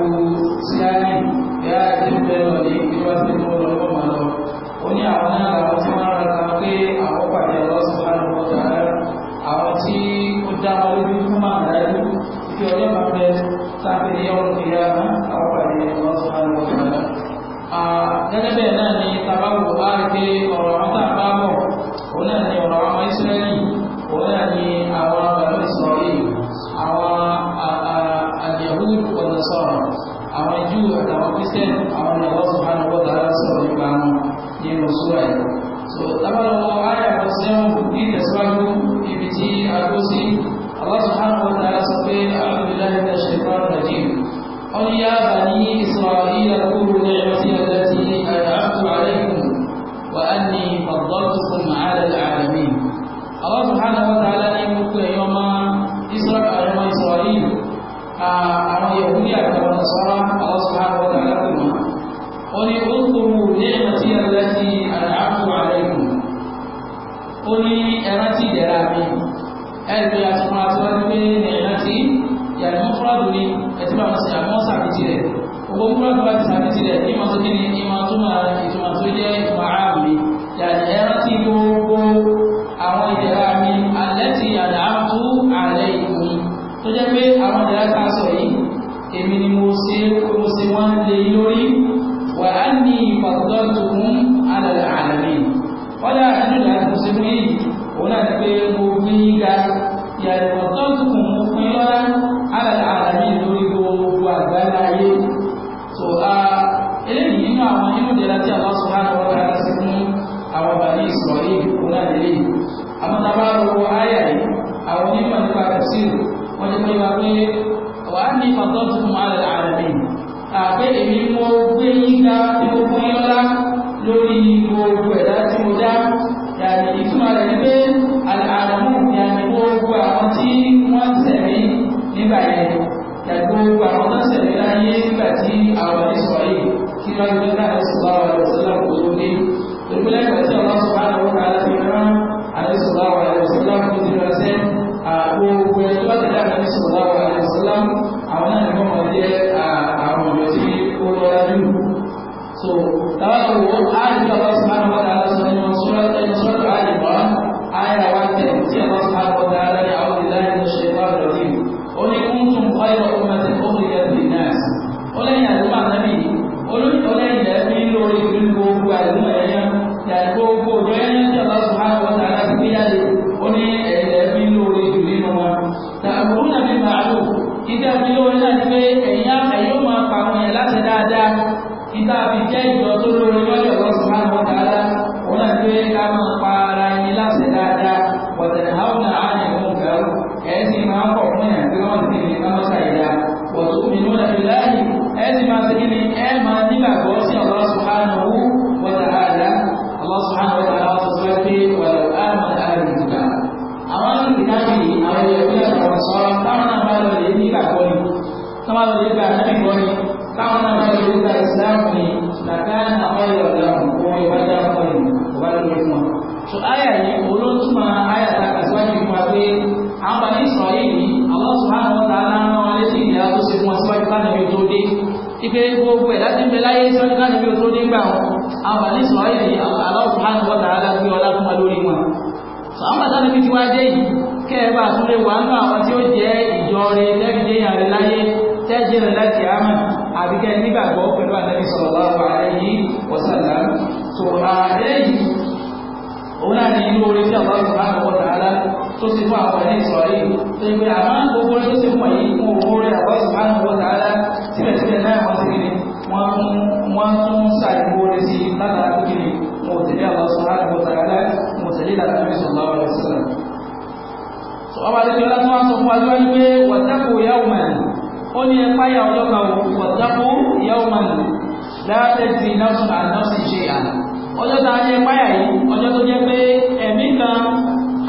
wo síárì bí a ti ń bẹ̀rẹ̀ ní ìgbéwàsí tó lọ́wọ́ máa lọ ó ní àwọn ní nígbà tí àwọn ẹ̀sọ́ yìí tí wọ́n ti dá ẹ̀sọ́ bá wà lọ́sọ́lá kò tó dé torí lẹ́gbẹ̀ẹ́ tí ọlọ́ láti rán àdẹ́sọ́ bá wà lọ́sọ́lá kò ti rán gbogbo ẹni tó bá ti dá ẹ̀sọ́ àwọn náà ni ní ẹ̀pá yà ọjọ́ kan wò wọ̀tẹ́kù yẹ́wò máa nù láàárẹ̀ tí nọ́ọ̀sùn àti nọ́ọ̀sì ṣe à ọjọ́ tá a ní ẹ̀pá yà yìí ọjọ́ tó jẹ́ pé ẹ̀mí kan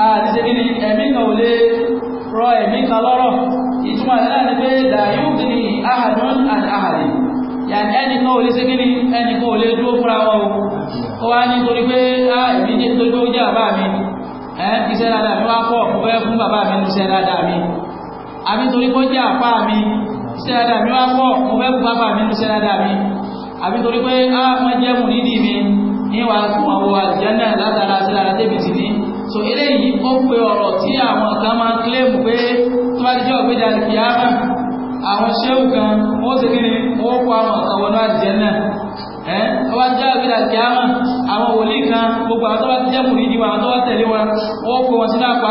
àtìsẹ́kìnì ẹ̀mí kan ò lè rọ ẹ̀mí kan lọ́rọ̀ ìtumọ̀ àtẹ́lá ni pé dàáyé òkìní ahàdùn àti ahàdì yàtí ẹnìkan ò lè ṣe kíni ẹnìkan ò lè dúró fúnra wọn o ó wá ní torí pé á ah, èmi jẹ torí pé ó jẹ bàbá mi ẹ iṣẹ́ dáadáa mi wá pọ̀ fún bàbá mi ní iṣẹ́ dáadáa mi àbí torí pé ó jẹ àpá mi iṣẹ́ dáadáa mi wá pọ̀ mo fẹ́ kú bàbá mi ní iṣẹ́ dáadáa mi àbí torí pé á ah, wọ́n jẹ́ mú nídìí mi ní wàá fún àwọn látara sí débi tì ní. so eléyìí ó pe ọ̀rọ̀ tí àwọn kan máa ń kílẹ̀mù pé tó bá ti jẹ́ òpéjà kìámà àwọn ṣéwù kan wọ́n ti kí ni wọ́n kó àwọn kan wọnú àlùjánnà ẹ́ tó bá ti jẹ́ òpéjà kìámà àwọn wòlíì kan gbogbo àwọn tó bá jẹ́ mú nídìí wọn àwọn tó bá tẹ̀lé wọn wọ́n kó wọn sínú àpò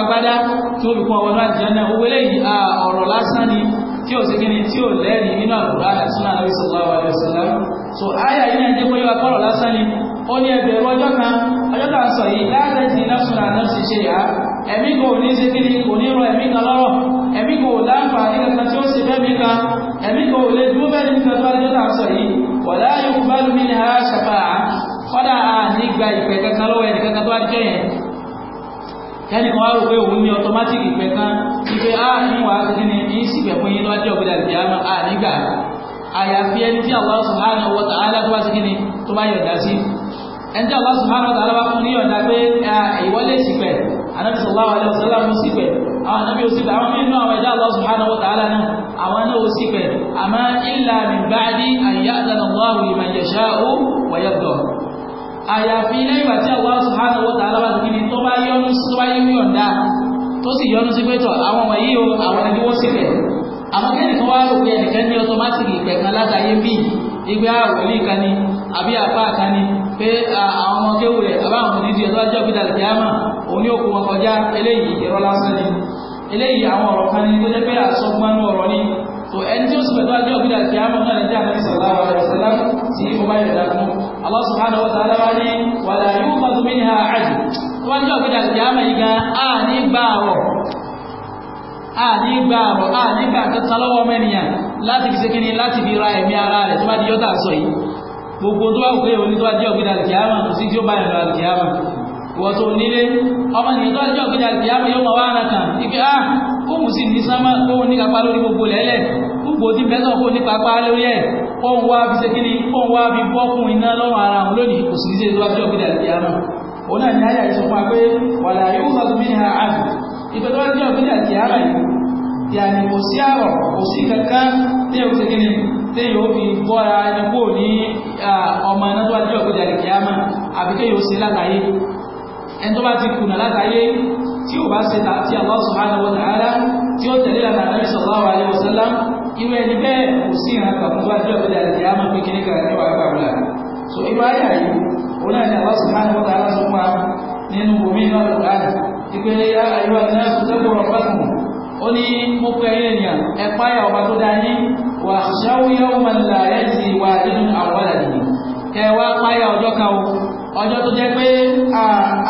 ni tí ó sì kí ni tí ó lẹ́rìí nínú àkùrá àti súnà Ànábì sallallahu so aya yìí náà jẹ́ pé wá kọ́rọ̀ lásán ni ó ní ẹgbẹ̀rún ọjọ́ kan ọjọ́ kan sọ yìí láàrẹ̀ tí nafsun an nafsi shay'a ẹ̀mí kò ní ṣe kí ni kò ní rọ ẹ̀mí kan lọ́rọ̀ ẹ̀mí kò láǹfààní kankan tí ó ṣe fẹ́mi kan ẹ̀mí kò lè dúró bẹ́ẹ̀ ní kankan lọ́jọ́ kan sọ yìí wala yuqbalu minha shafa'a kọ́dà àní gba ìpẹ́ kankan lọ́wọ́ ẹnì kankan tó wá jẹ́ yẹn tẹ́lì kan wá rò pé òun ní automatic ìpẹ́ tán wípé ah, a ní wàá ti ní ní sígbẹ̀ fún yín lọ́jọ́ ògbéra ìdí àmọ́ a nígbà àyàfi ẹni tí Allah subhanahu wa ta'ala tó bá ti kíni tó bá yọ̀dá sí ẹni tí Allah subhanahu wa ta'ala bá fún ní yọ̀dá pé ìwọlé sígbẹ̀ anábì sallallahu alaihi wasallam mú sígbẹ̀ àwọn àyàfi lẹ́yìn ìgbà tí Allah subhanahu wa ta'ala bá ti kí ni tó bá yọnu tó bá yọnu pé àwọn ọmọ yìí o àwọn ẹni wọ́n sì rẹ̀ àmọ́ kí ẹnìkan wá rò pé ẹnìkan ní ọtọmátìkì ìpẹ̀ kan látàyé bí ìgbé àwòlí ah, kan ni àbí àpá kan ni pé ah, àwọn ọmọ kéwù rẹ̀ àbá àwọn onídìí ọjọ́ ọjọ́ gbé dàlùkì àmà òun ní òkú wọn kọjá eléyìí irọ́ lásán ni eléyìí àwọn ọ̀rọ̀ kan ni tó jẹ́ pé àsọgbọ́nú ọ̀rọ̀ ni tó ẹni tí ó sì pẹ̀lú ọjọ́ gbé dàlùkì àmà náà Allah subhanahu wa ta'ala wá ní wàlá yóò fàtó mí ní ha àjò tó wá ní ọ̀gbẹ́dà sí àmà ìgbà àní gbà àwọ̀ àní gbà àwọ̀ àní gbà kẹta lọ́wọ́ mẹ́niyàn láti fi ṣe kíni láti fi ra ẹ̀mí ara rẹ̀ tó bá di yọ́tà sọ yìí gbogbo tó bá wùkẹ́ òní tó bá di ọ̀gbẹ́dà sí àmà kò sí tí ó bá yẹn gbogbo tí bẹ́sọ̀ kó ní papá lórí ẹ̀ ohun wá fi ṣe kíni ohun wá fi bọ́kùn iná lọ́rùn ara wọn lónìí kò sì ní ṣe ìdúrásí ọ̀gbìn àtìyàmọ̀ òun náà ní àyà ìsọ fún wa pé wà láyé ó sọ́tún mí ha àbù ìtọ́jú ọ̀gbìn àtìyàmọ̀ yìí yàní kò sí àrọ̀ kò tí yóò fi bọ́ra ẹni ní ọmọ iná tó wá jẹ́ ọ̀gbìn àtìyàmọ̀ àbí kí yóò ṣe látàyé ẹni tó bá ti kùnà látàyé tí ò bá ṣe tàbí Allah subhanahu wa ta'ala tí ó tẹ̀lé lànà Nabi sallallahu alaihi wasallam irú ẹni bẹ́ẹ̀ kò sí ìrànkà fún wájú ọ̀gbẹ̀dẹ̀ àti àmọ́ pé kí ní kàrà ní wàá gbàgbà so irú ayé yìí òun náà ní àwọn sùnmọ́ni wọ́n tààrà sọ pa nínú omi náà lọ láàrín ìpè ayéwà ní náà sọ́tẹ́ kó rọ̀pá kù ó ní mo pẹ́ ẹ̀yẹ ènìyàn ẹ páyà ọba tó dá yín wà ṣáwúyá ọmọ ńlá ẹ̀ sì wà nínú àwọn àdìyí kẹ wá páyà ọjọ́ kan o ọjọ́ tó jẹ́ pé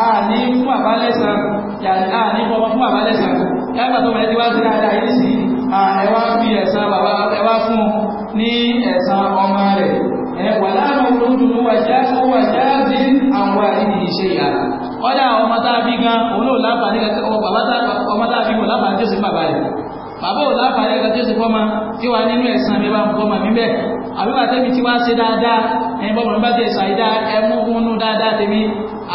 a ní fún àbálẹ́sàn yàrá ní fún ọmọ fún àbálẹ́sàn yàrá tó bẹ̀rẹ̀ ti wá sí dáadáa yìí sí ẹwà fi ẹ̀sán bàbá ẹwà fún ní ẹ̀sán ọmọ rẹ̀ ẹ̀wà láàrín olóòdùn wàjá sí àwọn ìdí ìṣe ìyá kọ́dá ọmọ tábí gan olóò láǹfààní ọmọ tábí mọ̀ láǹfààní tí ó sì bàbá rẹ̀ bàbá ò láǹfààní ẹ̀ka tí ó sì fọ́mọ tí wà nínú ẹ̀sán mi bá ń fọ́mọ mi bẹ́ẹ̀ àbíbà tẹ́mi ti wá ṣe dáadáa ẹ̀yìn bọ́ọ̀mù bá ti ṣàìdá ẹmú gúnnú dáadáa tèmi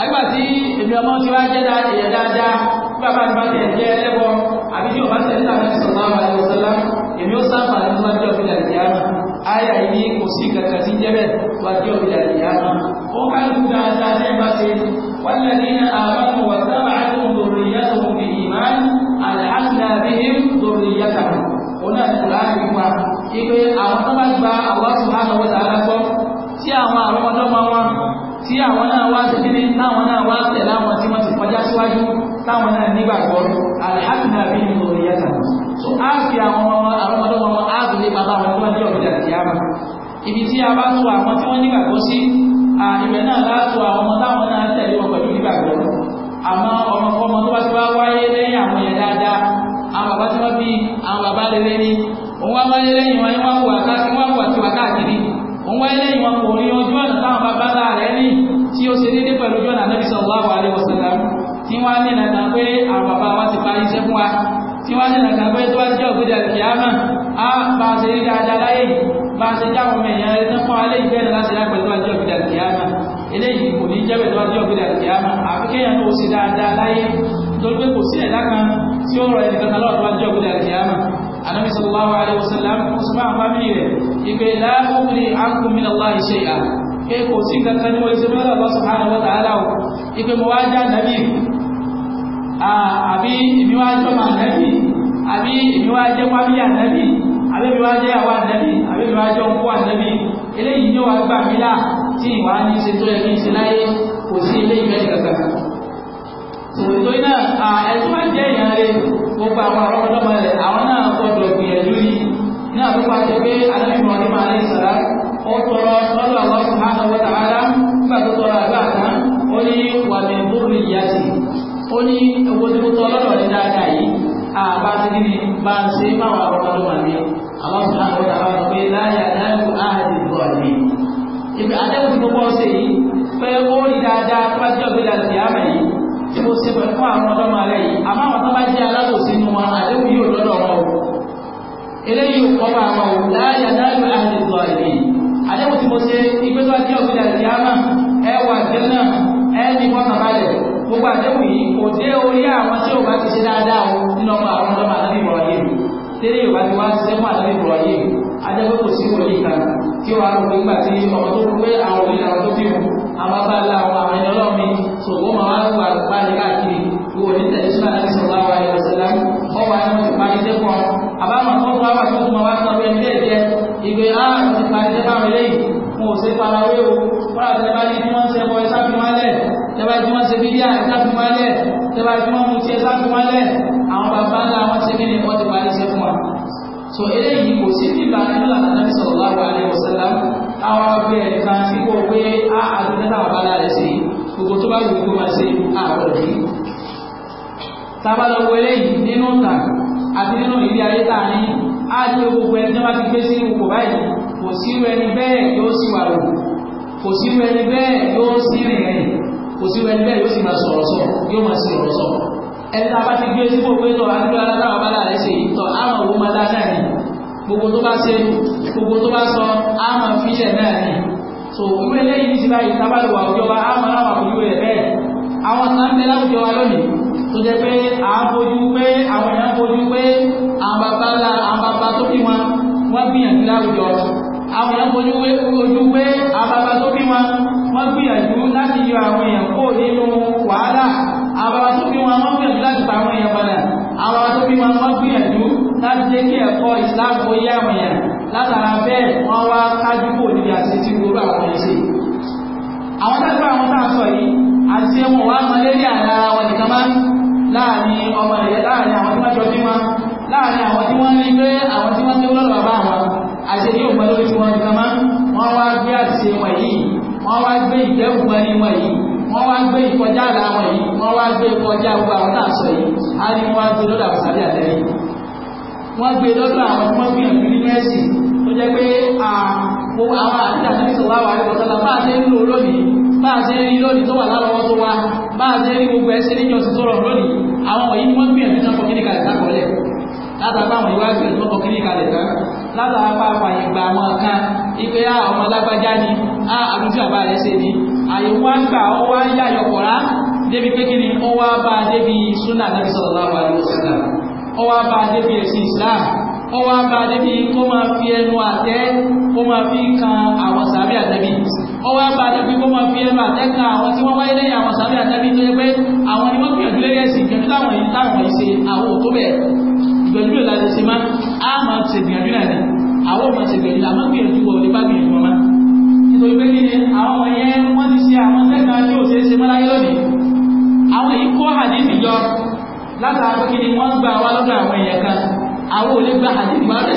àbíbà tí èmi ọmọ ti wá jẹ́ dáadáa bàbá àti bàtẹ jẹ́ ẹlẹ́bọ àbí tí ọba tẹ̀lé tàbí sọ̀rọ̀ àwọn àti ọ̀sọ̀lá èmi ó sábà ní wọ́n jọ fi dàrí yára ayà yìí kò sí kankan sí jẹ́ bẹ́ẹ̀ wọ́n jọ fi dàrí yára ó ká lù dáadáa tẹ́ bá ṣe wọ́n lè ní àwọn wà sábà àti òdòrò ìyá tó ń fi ìmá àlàáfíà bí i òdòrò ìyá tàbí òun náà ti kùlá àwọn tó wọn tí àwọn náà wá sí kíní táwọn náà wá tẹ̀lé àwọn tí wọ́n ti kọjá síwájú táwọn náà nígbàgbọ́ alhamdu abi ni mo yẹ so a fi àwọn ọmọ àwọn ọmọdé wọn a tún lè bàbá àwọn ọmọ ní ọ̀gbìn àti àmà ibi tí a bá tún àwọn tí wọ́n nígbàgbọ́ sí ibẹ̀ náà látò àwọn ọmọ táwọn náà tẹ̀lé wọn pẹ̀lú nígbàgbọ́ àmọ́ ọmọkọ́mọ tó bá ti wá wáyé lẹ́yìn àwọn yẹn dáadáa àwọn bàbá tí wọ́n bí àwọn bàbá rere ni òun wá wáyé lẹ́yìn wọn wọ́n wà káàkiri òun wáyé lẹ́yìn wọn kò rí ojú ọ̀nà táwọn bàbá rẹ̀ ní tí ó ṣe déédéé pẹ̀lú ojú ọ̀nà anábìsọ̀ wà wà lẹ́wọ̀sán pé àwọn bàbá wa ti parí iṣẹ́ fún wa tí wọ́n ní nàkà pé tó bá jẹ́ òkúta ìkìyàmà á bá a ṣe rí dáadáa láyé bá ṣe já èèyàn rẹ̀ tán fún alẹ́ ìfẹ́ láti àbí èmi wá jọ́ máa nẹ́bí àbí èmi wá jẹ́ pábí ànẹ́bí àbí èmi wá jẹ́ àwọn ànẹ́bí àbí èmi wá jọ ń kó ànẹ́bí eléyìí ni wàá gbà mí là tí ìwà ní ṣe tó yẹ kí n ṣe láyé kò sí eléyìí bẹ́ẹ̀ kankan. tòótọ́ iná ẹ̀sùn máa jẹ́ èèyàn rẹ gbogbo àwọn àrọ́mọdọ́mọ rẹ àwọn náà gbọdọ̀ gbìyànjú yìí náà tó pàṣẹ pé alẹ́ mi mọ̀ nípa alẹ́ ìsàlá ó tọrọ lọ́dọ̀ àwọn ó ní owó tí ó tọ́ lọ́dọ̀ ní dáadáa yìí àbá ti kí ni bá ń ṣe máa wà lọ́wọ́ lọ́wọ́ mi àwọn sùnà àwọn ọ̀dà wọn pé láyà dáàbò áàdì bọ̀ ni. ìgbà àdéhùn tí mo bọ́ ṣe yìí pé ó rí dáadáa tó bá jẹ́ òbí láti yàrá yìí tí mo ṣe pẹ̀lú fún àwọn ọ̀dọ́ màálẹ̀ yìí àmọ́ àwọn tó bá jẹ́ alábòsí nu wọn àdéhùn yóò lọ́dọ̀ wọn o. eléyìí kọ́ gbogbo àdéhùn yìí kò dé orí àwọn tí òun bá ti ṣe dáadáa o nínú ọmọ àwọn ọmọ àdébí Ibrahim tẹ́lẹ̀ Yorùbá ti wá ṣiṣẹ́ fún àdébí Ibrahim adébó kò sí wòlíì kan kí wàá rò pé nígbà tí ọmọ tó kú pé àwọn òbí làwọn tó bí mu àwọn bá la àwọn àwọn ẹni ọlọ́mi sòwò máa wá wà pálí káàkiri wò ní tẹ̀lé sí àdébí sọ̀rọ̀ àwọn ẹ̀rọ sẹ́lá ọwọ́ àwọn ti parí dẹ́kun àbámọ̀ tó wá wà tó kú ah, máa bídíà ìsáfimálẹ̀ tẹ́lá tí wọ́n mú ti ìsáfimálẹ̀ àwọn bàbá ńlá wọn ti kí ni wọ́n ti parí iṣẹ́ fún wa so eléyìí kò sí bíbá nílà nàbí sallallahu alaihi wasallam àwọn ọgbẹ́ ẹ̀kan tí kò pé á àdúgbẹ́ta bàbá ńlá rẹ̀ sí gbogbo tó bá yìí kó máa ṣe àárọ̀ yìí tábàlọ́ wọlé yìí nínú ìtàn àti nínú ilé ayé tá a ní á lé gbogbo ẹni tó bá ti gbé sí ipò báyìí kò sí irú ẹni bẹ́ẹ̀ yóò sì wà lò kò sí irú ẹni bẹ́ẹ̀ yóò sì rìn rìn kò sí wẹ́n bẹ́ẹ̀ yóò sì máa sọ̀rọ̀ sọ yóò máa sì ọ̀rọ̀ sọ ẹni tá a bá ti gbé sípò pé tọ́ adúlọ́ alátàwọn bá láàrẹ́ ṣe yìí tọ́ àmọ̀ owó máa dáadáa ni gbogbo tó bá ṣe gbogbo tó bá sọ àmọ̀ fílẹ̀ náà ni so ìwé lẹ́yìn ní ti báyìí tábàlùwà òjọba àmọ̀ àwọn àbújú rẹ̀ bẹ́ẹ̀ àwọn kan bẹ láwùjọ wa lónìí tó jẹ́ pé à ń fojú pé àwọn èèyàn fojú pé àwọn bàbá tó bí wọn wọ́n gbìyànjú láwùjọ àwọn èèyàn fojú ojú pé ababa tó bí wọn wọ́n gbìyànjú láti yọ àwọn èèyàn kó nínú wàhálà ababa tó bí wọn wọ́n gbìyànjú láti pa àwọn èèyàn padà ababa tó bí wọn wọ́n gbìyànjú láti jẹ́ kí ẹ̀kọ́ Islam kó yé àwọn èèyàn látara bẹ́ẹ̀ wọ́n wá kájú kò níbi àti tí gbogbo àwọn èèyàn ṣe àwọn tẹ́lifà àwọn tá a sọ yìí àti ẹ̀wọ̀n wa mọ lórí àlá wọn nìkan máa láàrin ọmọ ìyẹn láàrin àwọn tí wọ́n jọ bí wọn láàrin àwọn tí wọ́n rí pé àwọn tí wọ́n ti wọ́n lọ́dọ̀ bàbá àwọn àṣeyí ògbà lórí tí wọ́n ga má wọ́n wá gbé àṣe wọn yìí wọ́n wá gbé ìdẹ́kùnmọ́ni wọn yìí wọ́n wá gbé ìkọjá àlà wọn yìí wọ́n wá gbé ìkọjá gbogbo àwọn náà sọ yìí á ní wọ́n gbé lọ́dọ̀ àwọn sàbí àtẹ́rí wọ́n gbé lọ́dọ̀ àwọn tí wọ́n gbìyànjú nínú ẹ̀sìn tó jẹ́ pé gbogbo àwọn àti àtẹ́sọ̀ wá wà ní ọ̀sán bá a ṣe ń lò lónìí bá a ṣe ń rí lónìí tó wà lárọ̀wọ́ tó wá bá a ṣe ń rí gbogbo ẹ̀sìn níjọ́sìn tó rọ̀ lónìí àwọn wọ̀nyí ni wọ́n gbìyànjú náà fọkíníkà rẹ̀ sákọ̀ọ́lẹ̀ látàbá àwọn ìwádìí tó fọkíníkà rẹ̀ látara pàápàá ìgbà àmọ́ kan ipe á ah, ọmọ lágbájá ni á ah, àbújú àbá rẹ̀ ṣe ni àyẹ̀wò wá ń gbà ó wá ń yá yọkọ̀rá débi pé ni ó wá bá débi súnà nàbí sallallahu alaihi wasallam ó wá bá débi ẹ̀sìn Islam ó wá bá débi kó máa fi ẹnu àtẹ́ kó máa fi kan àwọn sàbí àtẹ́bí ó wá bá débi kó máa fi ẹnu òtó bẹ́ẹ̀ pẹ̀lú ìlànà ṣe má a máa ṣe gbìyànjú náà ni àwọn máa ṣe gbìyànjú àmọ́ gbìyànjú wọ̀ nípa gbìyànjú wọn má nítorí pé kíni àwọn ọ̀yẹ́ wọ́n ti ṣe àwọn sẹ́kàn tí ò ṣe é ṣe mọ́ láyé lónìí àwọn èyí kó àdéhùn jọ látara pé wọ́n gba wa lọ́dọ̀ àwọn èèyàn kan àwọn ò lè gba àdéhùn wa lọ́dọ̀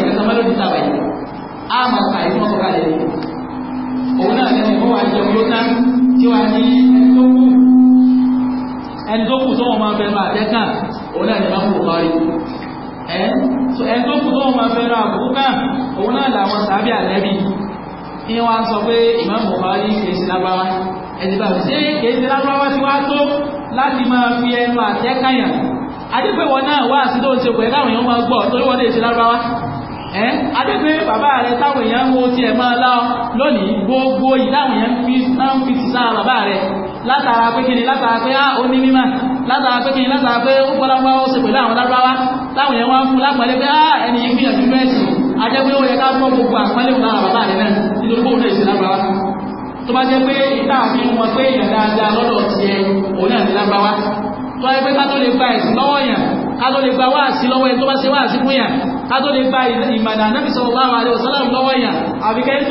ìkẹta ẹ́ so ẹ tó kù tóun máa fẹ́ràn àkókò náà òun náà làwọn sàábì àlẹ́bí ní wọ́n sọ pé Imam Bukhari kèsì lágbáwá ẹ̀dìbà ṣé kèsì lágbáwá ti wá tó láti máa fi ẹnu àtẹ́kàyàn adépẹ́wọ̀ náà wá sí tó ń ṣe pẹ̀lú àwọn èèyàn máa gbọ́ torí wọ́n lè ṣe lágbáwá ẹ́ adépẹ́ bàbá rẹ̀ táwọn èèyàn ń wo ti ẹ̀ máa láọ lónìí gbogbo ìdáwọn èèyàn fi sáà bàbá rẹ̀ látara pé kí ni látara pé á ó ní mímọ̀ látara pé kìí látara pé ó gbọ́lápá ó sì pẹ̀lú àwọn lábáwá láwọn yẹn wá ń fún lápàdé pé á ah, ẹni yìí gbìyànjú mẹ́sì ajẹ́ pé ó yẹ ká fọ́ gbogbo àpẹẹlẹ̀ òun lára bàbá rẹ̀ náà nítorí pé òun lè sí lábáwá tó bá jẹ́ pé ìta fi ń wọn pé èèyàn dáadáa lọ́dọ̀ tiẹ̀ òun lọ́wọ́ yẹn ká tó lè gba wáàsí lọ́wọ́ ẹni tó bá ṣe wáàsí fún yàn ká gba ìmọ̀nà anábì sallallahu alaihi wasallam lọ́wọ́ yàn àfikẹ́ ń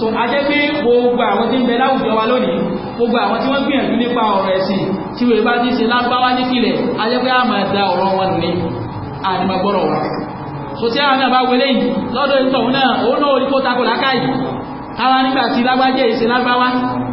so a jẹ́ pé gbogbo àwọn tí ń bẹ láwùjọ wa lónìí gbogbo àwọn tí wọ́n gbìyànjú nípa ọ̀rọ̀ ẹ̀sìn tí wèé bá ti ṣe lágbáwá ní kílẹ̀ so tí àwọn náà bá wọlé yìí lọ́dọ̀ ìtọ̀hún náà òun náà orí kó takò lákàyè káwa nígbà tí lágbájẹ́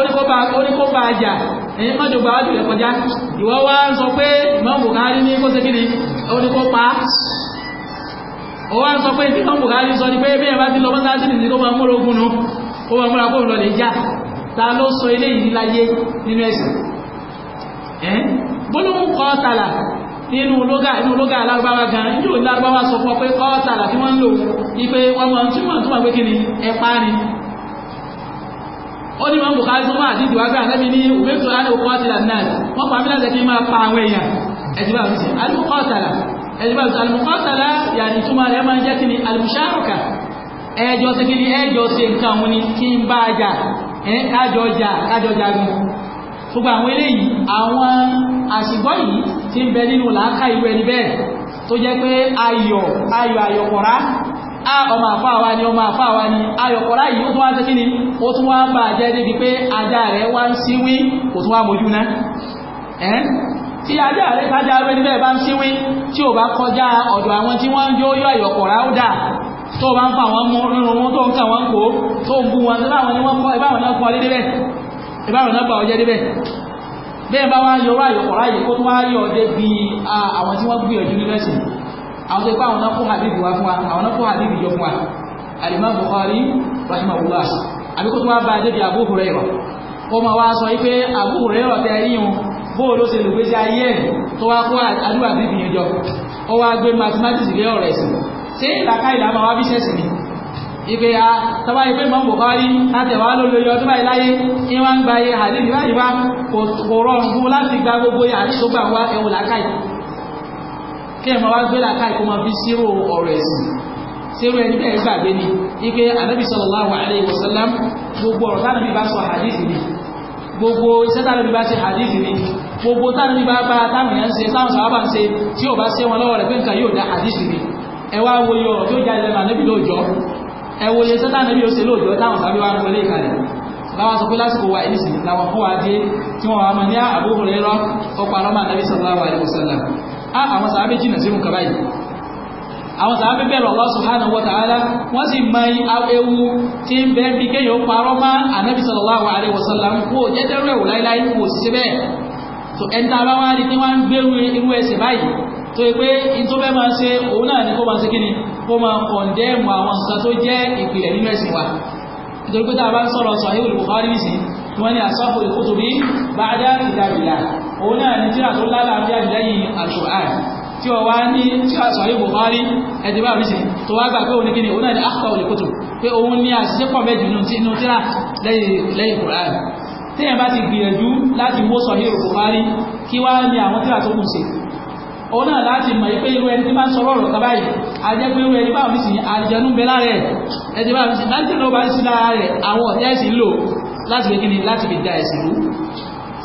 oníkó bá àjà ẹ̀yìn mọ́jọ gbà wájú rẹ̀ kọjá ìwọ wá ń sọ pé Imam Bukhari ní kó sekí ni oníkó pa ó wá ń sọ pé tí Imam Bukhari sọ ni pé bí ẹ bá ti lọ mọ́sáàtì nìyí kó máa múra ogun nu kó máa múra kó lọ lè já ta ló sọ eléyìí láyé nínú ẹ̀sìn gbólóhùn kọ́ tààlà nínú lógà inú lógà alárúbáwá gan ní òun lárúbáwá sọ fún ọ pé kọ́ tààlà tí wọ́n ń lò ó ní mọ́mù káàkiri máa àti ìdìwà gbà lẹ́bi ní òmètò alẹ́kọ́ àtìlà náà wọ́n pa mílẹ̀ tẹ́kí máa pa àwọn èèyàn ẹ̀dìbà àbúṣe alùmọ́kọ́tàlà ẹ̀dìbà àbúṣe alùmọ́kọ́tàlà yàrá ìtumọ̀ rẹ̀ máa ń jẹ́ kí ni alùmọ́ṣárùkà ẹjọ́ sí kí ni ẹjọ́ sí nǹkan òun ni kí n bá jà kájọ jà kájọ jà gun gbogbo àwọn eléyìí àwọn àṣìgbọ́ yìí ti ń bẹ nínú làákà ìlú ẹni tó jẹ́ pé ayọ̀ ayọ̀ ayọ̀kọ̀rá á ah, ọmọ àfá wa ni ọmọ àfá wa ni ayọ̀kọ̀lá yìí ó tún wá tẹ́kí ni ó tún wá bà jẹ́ débi pé ajá rẹ̀ wá ń síwí kò tún wá mojú ná ẹ́ tí ajá rẹ̀ tájá rẹ̀ níbẹ̀ bá ń síwí tí ò bá kọjá ọ̀dọ̀ àwọn tí wọ́n ń jó yọ ayọ̀kọ̀lá ó dà tó bá ń fa àwọn mú nínú wọn tó ń kà wọn kó tó ń bú wọn láwọn ni wọ́n kọ́ ìbáwọn àwọn tó ipá àwọn náà kó hadith wá fún wa àwọn náà kó hadith jọ fún wa alimá Bukhari rahimahullah àbíkó tó wá bá débi Abu Hurairah ó ma wá sọ wípé Abu Hurairah tẹ rí wọn bóò ló ṣe lùgbésí ayé ẹ̀ tó wá kó àdúrà bíbí yẹn jọ ó wá gbé mathematics lé ọ̀rọ̀ ẹ̀sìn ṣé ìlàkà ìlànà wa bí sẹ́sìn ni ìpè ya tọ́ba ìpè mọ́ bùkárí látẹ̀wá lólórí ọdún báyìí láyé kí wọ́n ń gba iye àdéhùn báyìí wá kò rọrùn fún láti gba gbogbo yàrá tó gbà wá ẹ̀wò làákàyè kí ẹ̀ máa wá gbé làákàyè kó máa fi sírò ọ̀rọ̀ ẹ̀sìn sírò ẹni bẹ́ẹ̀ gbàgbé ni ike anabi sallallahu alayhi wa sallam gbogbo ọ̀rọ̀ tánàbí bá sọ hadith ni gbogbo iṣẹ́ tánàbí bá ṣe hadith ni gbogbo tánàbí bá bá táwọn èèyàn ṣe táwọn sàábà ń ṣe tí ò bá ṣe wọn lọ́wọ́ rẹ̀ pé nǹkan yóò dá hadith ni ẹ wá wo yọ tó jáde lẹ́nu anabi lóòjọ́ ẹ wo iṣẹ́ tánàbí ó ṣe lóòjọ́ táwọn sàábà wá ń wọlé ìkàlẹ̀ láwọn sọ pé lásìkò wa ìsìn làwọn kọ́ wa dé tí wọ́n wà á mọ̀ ní àbúrò rẹ̀ rọ́ ọ̀pọ̀ àlọ́mà nàbí sallallahu á ah, àwọn sàábé jìnà sírùn kaba yìí àwọn sàábé bẹ̀rù Allah subhanahu wa ta'ala wọ́n sì mọ ewu tí ń bẹ́ẹ̀ bí kéèyàn parọ́ mọ́ ànábì sallallahu alaihi wasallam kó jẹ́ dẹ́rù ẹ̀wù láíláí kò sì sí bẹ́ẹ̀ tó ẹni tá a bá wá rí tí wọ́n ń gbé irú ẹsẹ̀ báyìí tó yẹ pé tó fẹ́ máa ṣe òun náà ni kó máa ṣe kíni kó máa jẹ́ wọ́n ní àsọ́pọ̀ ìkótó bí bàdá ìdàbìlà òun náà ní tíra tó lálàáfíà lẹ́yìn àṣùhàn tí ó wá ní tíra sọ̀rí Bukhari ẹ̀dìbà oríṣi tó wá gbà pé òun ní kíni òun náà ní àkọ́ ìkótó pé òun ní àṣìṣẹ́pọ̀ méjì nínú tíra lẹ́yìn Quran téèyàn bá ti gbìyànjú láti wó sọ̀rí Bukhari kí wá ní àwọn tíra tó kù sí òun náà láti mọ̀ pé irú láti lè kíni láti fi da ẹ̀sìn rú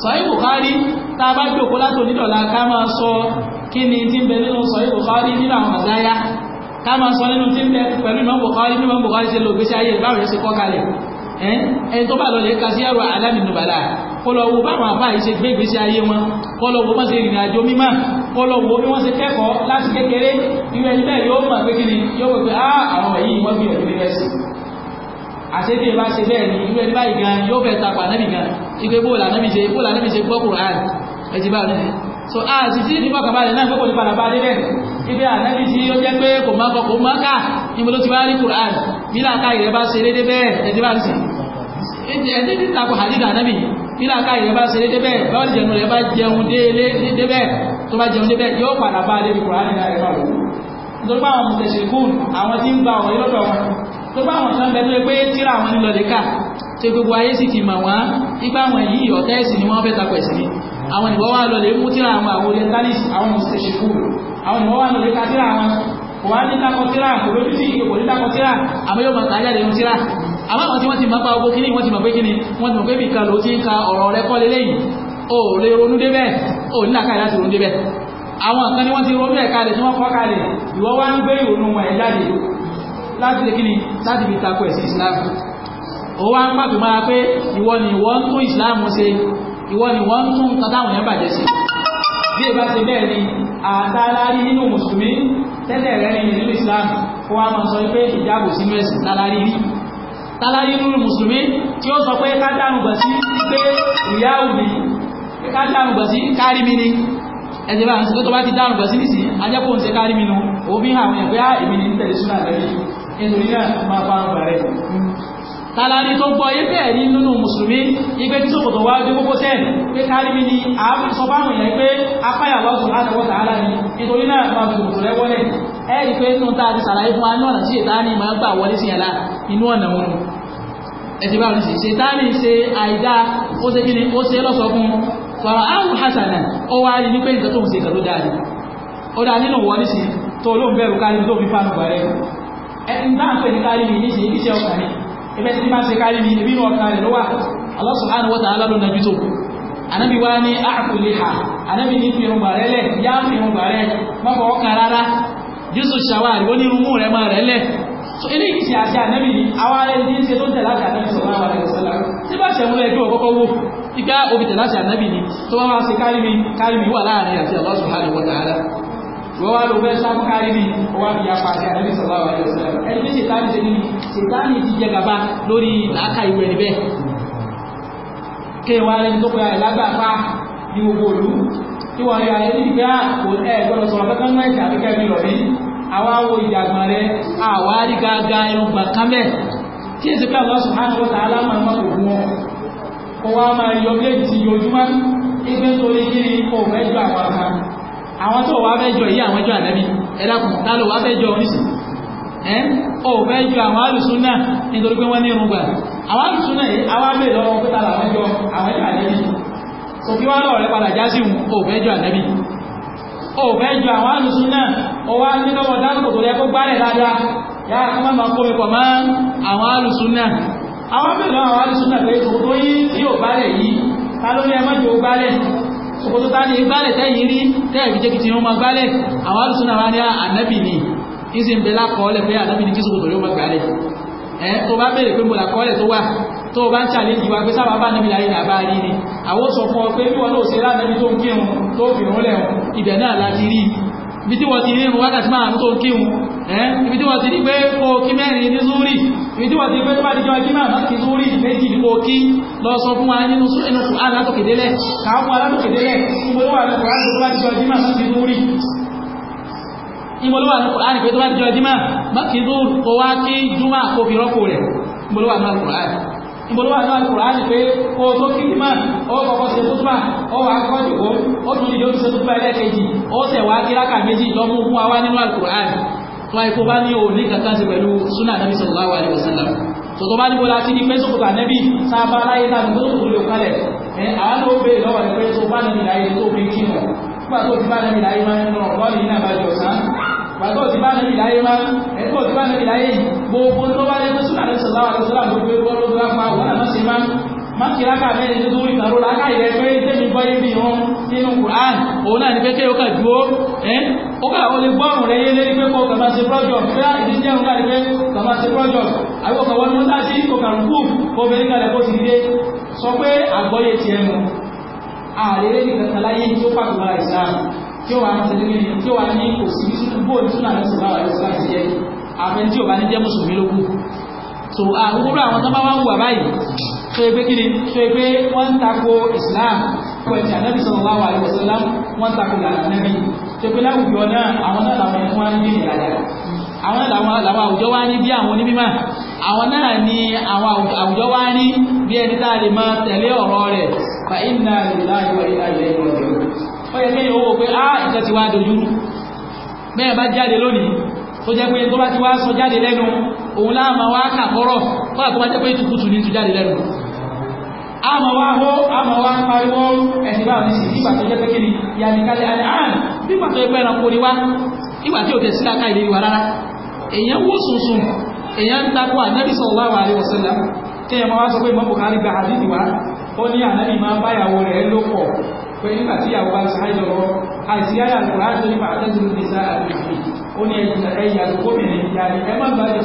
Sahih Bukhari tá a bá jòkó láti onídọ̀la ká máa sọ kíni tí ń bẹ nínú Sahih Bukhari nínú àwọn àdáyá ká máa sọ nínú tí ń bẹ pẹ̀lú Imam Bukhari nínú Imam ṣe lò gbèsè ayé báwo yẹn ṣe kọ́ tó bá lọ lè ka sí ẹrù Alamin kọlọ̀wò báwọn àbá ìṣe gbé ìgbésí ayé wọn kọlọ̀wò mọ́ sí ìrìn àjò mímọ́ kọlọ̀wò bí wọ́n ṣe kẹ́kọ̀ọ́ láti kékeré irú ẹni yóò mọ̀ pé kí ni yóò wọ́n pé ah, àwọn èyí wọ́n gbìyànjú àti bí ìbá ṣe bẹ́ẹ̀ ni irú ẹni báyìí gan yóò fẹ́ tapà nábì gan ipe bóòlà nábì ṣe bóòlà nábì ṣe gbọ́ Qur'an ẹtì bá rẹ̀ so a sì sí ìdímọ̀kànbalẹ̀ náà gbogbo nípa àbá débẹ̀ ibi ànábì tí ó jẹ́ pé kò má kọ kò má kà níbo ló ti wá rí Qur'an bí làákà ìrẹ́ bá ṣe dédé bẹ́ẹ̀ ẹtì bá rẹ̀ sí ẹtì tí takò hadith ànábì bí làákà ìrẹ́ bá ṣe dédé bẹ́ẹ̀ báwo ni jẹun rẹ̀ bá jẹun dédé bẹ́ẹ̀ tó bá jẹun débẹ̀ yóò padà bá dé Qur'an náà rẹ̀ bá wò nítorí pé àwọn mùsẹ̀ṣẹ̀kùn àwọn tí ń gba ọ̀rẹ́ lọ́dọ̀ wọn tó bá wọn kan bẹ tó yẹ pé tíra àwọn nílò lè kà tó gbogbo ayé sì ti mà wọ́n nípa àwọn yìí ọ̀tá ẹ̀sìn ni wọ́n fẹ́ takọ̀ ẹ̀sìn ni àwọn ìbọn wà lọ lè mú tíra àwọn àwọn orientalist àwọn mùsùlùmí àwọn ìbọn wà lọ lè ka tíra àwọn kò wá ní takọ̀ tíra kò lójú sí ìkòkò ní takọ̀ tíra àmọ́ yóò ni wọ́n ti ronú ẹ̀ kalẹ̀ tí wọ́n kọ́ kalẹ̀ ìwọ wá ń gbé ìrònú wọn ẹ̀ jáde láti lè kíni láti fi takò ẹ̀sìn islam ó wá ń pàtó máa pé ìwọ ni ìwọ ń tún islam ṣe ìwọ ni ìwọ ń tún nǹkan táwọn èèyàn bàjẹ́ sí bí ìbá ṣe bẹ́ẹ̀ ni àtàlárí nínú mùsùlùmí tẹ́lẹ̀ rẹ̀ ní nínú islam ó wá máa sọ pé ìjábò sínú ẹ̀sìn tálárí rí tálárí nínú mùsùlùmí tí ó sọ pé ká dárùgbà sí pé ìyá òbí ká dárùgbà sí kárí mi ni ẹ̀jẹ̀ bá ń sọ tó bá ti dárùgbà sí nìsí ajẹ́kùn ṣe kárí mi nu òbí àwọn ẹ̀gbẹ́ ah, èmi ní tẹ̀lé súnà lẹ́yìn èsì náà máa fa ọgbà rẹ̀ tààlà ni tó gbọ́ yé bẹ́ẹ̀ ní nínú mùsùlùmí ipé tí sòkòtò wá dé kókó sẹ́ẹ̀ pé kárí ni a sọ báwọn èèyàn pé apáyà lọ́sùn láti wọ́ta ara ni nítorí náà máa fi sòkòtò rẹ̀ wọlé ẹ̀rí pé nínú tá sàlàyé fún wa ní ọ̀nà tí ètà ni máa gbà wọlé sí ẹ̀la inú ọ̀nà wọn ẹ̀sìn bá wọn sì ṣe tá hasana ó wá rí ní pé nǹkan tó ń ṣe kàló dáa ni ó dáa nínú wọlé sí ẹni bá ń pè ní kárí mi níṣe iṣẹ́ ọkàn ni ẹgbẹ́ tí máa ṣe kárí mi ìbí inú ọkàn rẹ̀ ló wà Allah subhanahu wa ta'ala ló nàbí tó anábì wá ní àkùlé ha anábì ní fi irungba rẹ̀ lẹ̀ yá fi irungba rẹ̀ má fọwọ́ kan rárá jésù ṣàwárí ó ní irun mú rẹ̀ máa rẹ̀ lẹ̀ so eléyìí ti àti anábì ní àwa ní ṣe tó tẹ̀ láti anábì sọ̀rọ̀ àwọn àrẹ̀ tí bá ṣẹ̀mú rẹ̀ kí wọ́n wọ́n wá ló fẹ́ sáfù kárí mi ó wá fi apá àti àdébí sọ̀rọ̀ àwọn ẹ̀rọ sẹ́lẹ̀ ẹni tí ṣètánì ṣe nínú ṣètánì ti jẹ gàba lórí làákà ìwé ẹni bẹ́ẹ̀ kéwàá lẹni tó pe àyè lágbàpá ní gbogbo òlu tí wọ́n rí àyè níbi pé ah, kò ẹ̀ gbọ́dọ̀ sọ̀rọ̀ kankan náà ìjà àbíkẹ́ mi lọ̀rí àwa wo ìjàgbọ̀n rẹ àwa rí gàgà ẹnu gbà kámẹ́ kí èsì pé àwọn sùhánù wọ́n tàá lámà ọmọ kò gún ọ kó wá máa yọ bí èyí ti àwọn tó wá fẹ́ jọ yí àwọn jọ ànábì ẹ̀dàkùn ta ló wá fẹ́ jọ oníṣìí ẹ́ ò fẹ́ jọ àwọn alùsùn náà nítorí pé wọ́n ní irun gbà àwọn alùsùn náà yìí àwọn abẹ́ lọ́wọ́ pé ta làwọn jọ àwọn ẹ̀dà ànábì so kí wá lọ́ọ̀ rẹ padà já sí òun ò fẹ́ jọ ànábì ò fẹ́ jọ àwọn alùsùn náà ó wá ní lọ́wọ́ dáàbò tó yẹ kó gbálẹ̀ dáadáa yá kó ṣòkòtò tá ní gbálẹ̀ tẹ́yìn rí tẹ́ẹ̀rí jẹ́ kìtì wọn máa gbálẹ̀ àwọn àdùsùn náà ní ànábì ni ìsìn bẹ̀lá kọ́ọ̀lẹ̀ pé ànábì ni kí ṣòkòtò yóò máa gbálẹ̀ ẹ̀ tó bá bèèrè ni àwọn sọ fún ọ pé bí wọn náà ṣe rá ànábì tó rí ibi tí wọ́n ti rí wákàtí máa mú tó ń kíhun ibi tí wọ́n ti rí pé kó kí mẹ́rin ní zúrì ibi tí wọ́n ti rí pé tó bá di jọ kí máa má kí zúrì méjì ní kó kí lọ sọ fún wa nínú inú kùrán látòkèdélẹ̀ káàkùn alátòkèdélẹ̀ ìgbòlówà ní kùrán tó bá di jọ kí máa má kí zúrì ìgbòlówà ní kùrán pé tó bá di jọ kí máa má kí zúrì kó ìbọ̀lọ́wà náà kùránì pé kó tó kìtìmá ó kọ́kọ́ ṣe tútùmá ó wà kọ́ jòkó ó tún ìdí oríṣẹ́ tútùmá ẹlẹ́ẹ̀kejì ó tẹ̀ wá kíráka méjì lọ́mú fún wa wá nínú àkùránì wọn ikú bá ní òní sallallahu alaihi wasallam tòtò bá ní bó láti ní pẹ́sùn kòtà nẹ́bí sábà láyé náà tó tó lè kalẹ̀ ẹ̀ àwọn ló bèèrè lọ́wọ́ ní pé tó bá nẹ́bí láyé tó fi kí wọn nígbà sáà gbàtọ́ ti bá nàbì láyé má ẹ̀kọ́ ti bá nàbì láyé gbogbo tó bá lẹ́gbẹ́ sùn àti sọ̀lá àti sọ̀lá gbogbo ẹgbẹ́ ọlọ́dún lápá wọn náà sì má má kí láká mẹ́rin ní lórí ìtàró láká ilẹ̀ pé tẹ́mi gbọ́ yé mi wọn nínú Quran òun náà ní pé kéwọ́ kà dúró ẹ́ ó kà ó lè gbọ́rùn rẹ yé lérí pé kó kàmá ṣe project pé ìdí jẹ́ òun láti pé kàmá ṣe project àbíkò kàwọ́ ní mọ́tà sí kò kàrún kù kó bẹ̀rẹ̀ kalẹ̀ tí ó wà ní sẹ́lẹ̀ ní tí ó wà ní kò sí sínú bóòlù sínú àwọn ìṣòro àwọn ìṣòro àti jẹ́ àfẹ́ tí ò bá ní jẹ́ mùsùlùmí lókù so àwúrò àwọn tó bá wá wà báyìí tó yẹ pé kí ni tó yẹ pé wọ́n ń tako Islam pẹ̀lú ẹ̀tì ànábì sallallahu alaihi wasallam wọ́n ń tako lànà nẹ́bí tó pé láwùjọ náà àwọn náà làwọn ẹni wọ́n ń gbé ìrìnàjò bí àwọn onímímà àwọn náà ni àwọn àwùjọ wá ní bí ẹni tá a lè máa tẹ̀lé ọ̀rọ̀ rẹ̀ fa inna lillahi wa inna ilaihi raji'un ó yẹ kéèyàn owó pé á ah, ìjọ ti wá dojúrú bẹ́ẹ̀ bá jáde lónìí tó jẹ́ pé tó bá ti wá sọ jáde lẹ́nu òun láàmà wá kàkọ́rọ̀ kọ́lá tó jẹ́ pé tukutu ní tu jáde lẹ́nu àmọ̀ wá hó àmọ̀ wá pariwo ẹ̀sìn báwọn ní sí ìgbà tó jẹ́ pé kíni ìyànìkalẹ̀ àti àrùn bí ìgbà tó yẹ pé ẹranko ni wá ìgbà tí ò tẹ̀ sí láká ìlérí wa rárá èèyàn wó sunsun èèyàn ń takò ànábì sallallahu alaihi wasallam kéèyàn máa wá sọ pé mọ́ bùkárí gba àdìdì wá ó ní ànábì máa báyàwó rẹ̀ lópọ̀ pé nígbà tí ìyàwó bá ń sáré lọ́wọ́ àti yáyà lọ́wọ́ á tó nípa àtẹ́sìn ní sá àtẹ́sìn ó ní ẹ̀jẹ̀ ẹ̀yà tó gómìnrin ìyá ni ẹ má bá lè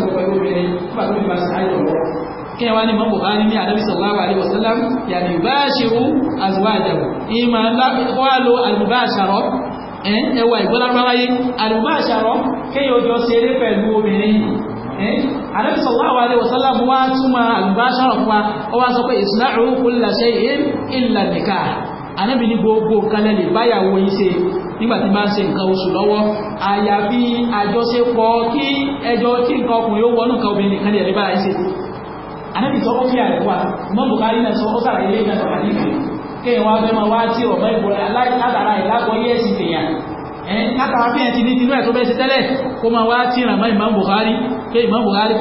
sọ ẹwà ìgbọ́lágbáláyé al-mubashara kéyàn jọ pẹ̀lú obìnrin Ànábì sallallahu alaihi wasallam wá túnmà al fún wa ó sọ pé isna'u kulla shay'in illa anábì ní gbogbo nǹkan lẹ́lẹ̀ báyàwó yín ṣe nígbàtí bá ń ṣe nǹkan oṣù lọ́wọ́ àyàfi àjọṣepọ̀ kí ẹjọ́ kí nǹkan ọkùnrin ó wọnú nǹkan obìnrin nìkan lè rí bára ṣe anábì sọ ókè àríwá mọ́n bùkárí náà sọ ó sàrà ilé ìgbà sọ̀rọ̀ àdìsí kéèyàn wá fẹ́ máa wá tí ọ̀mọ́ ìbòrò látara ìlágbọ́ yẹ́sì tèèyàn látara fíyàn ti ní tinú ẹ̀ tó bẹ́ẹ̀ sí tẹ́lẹ̀ kó máa wá tí ìrànmọ́ Imam Bukhari pé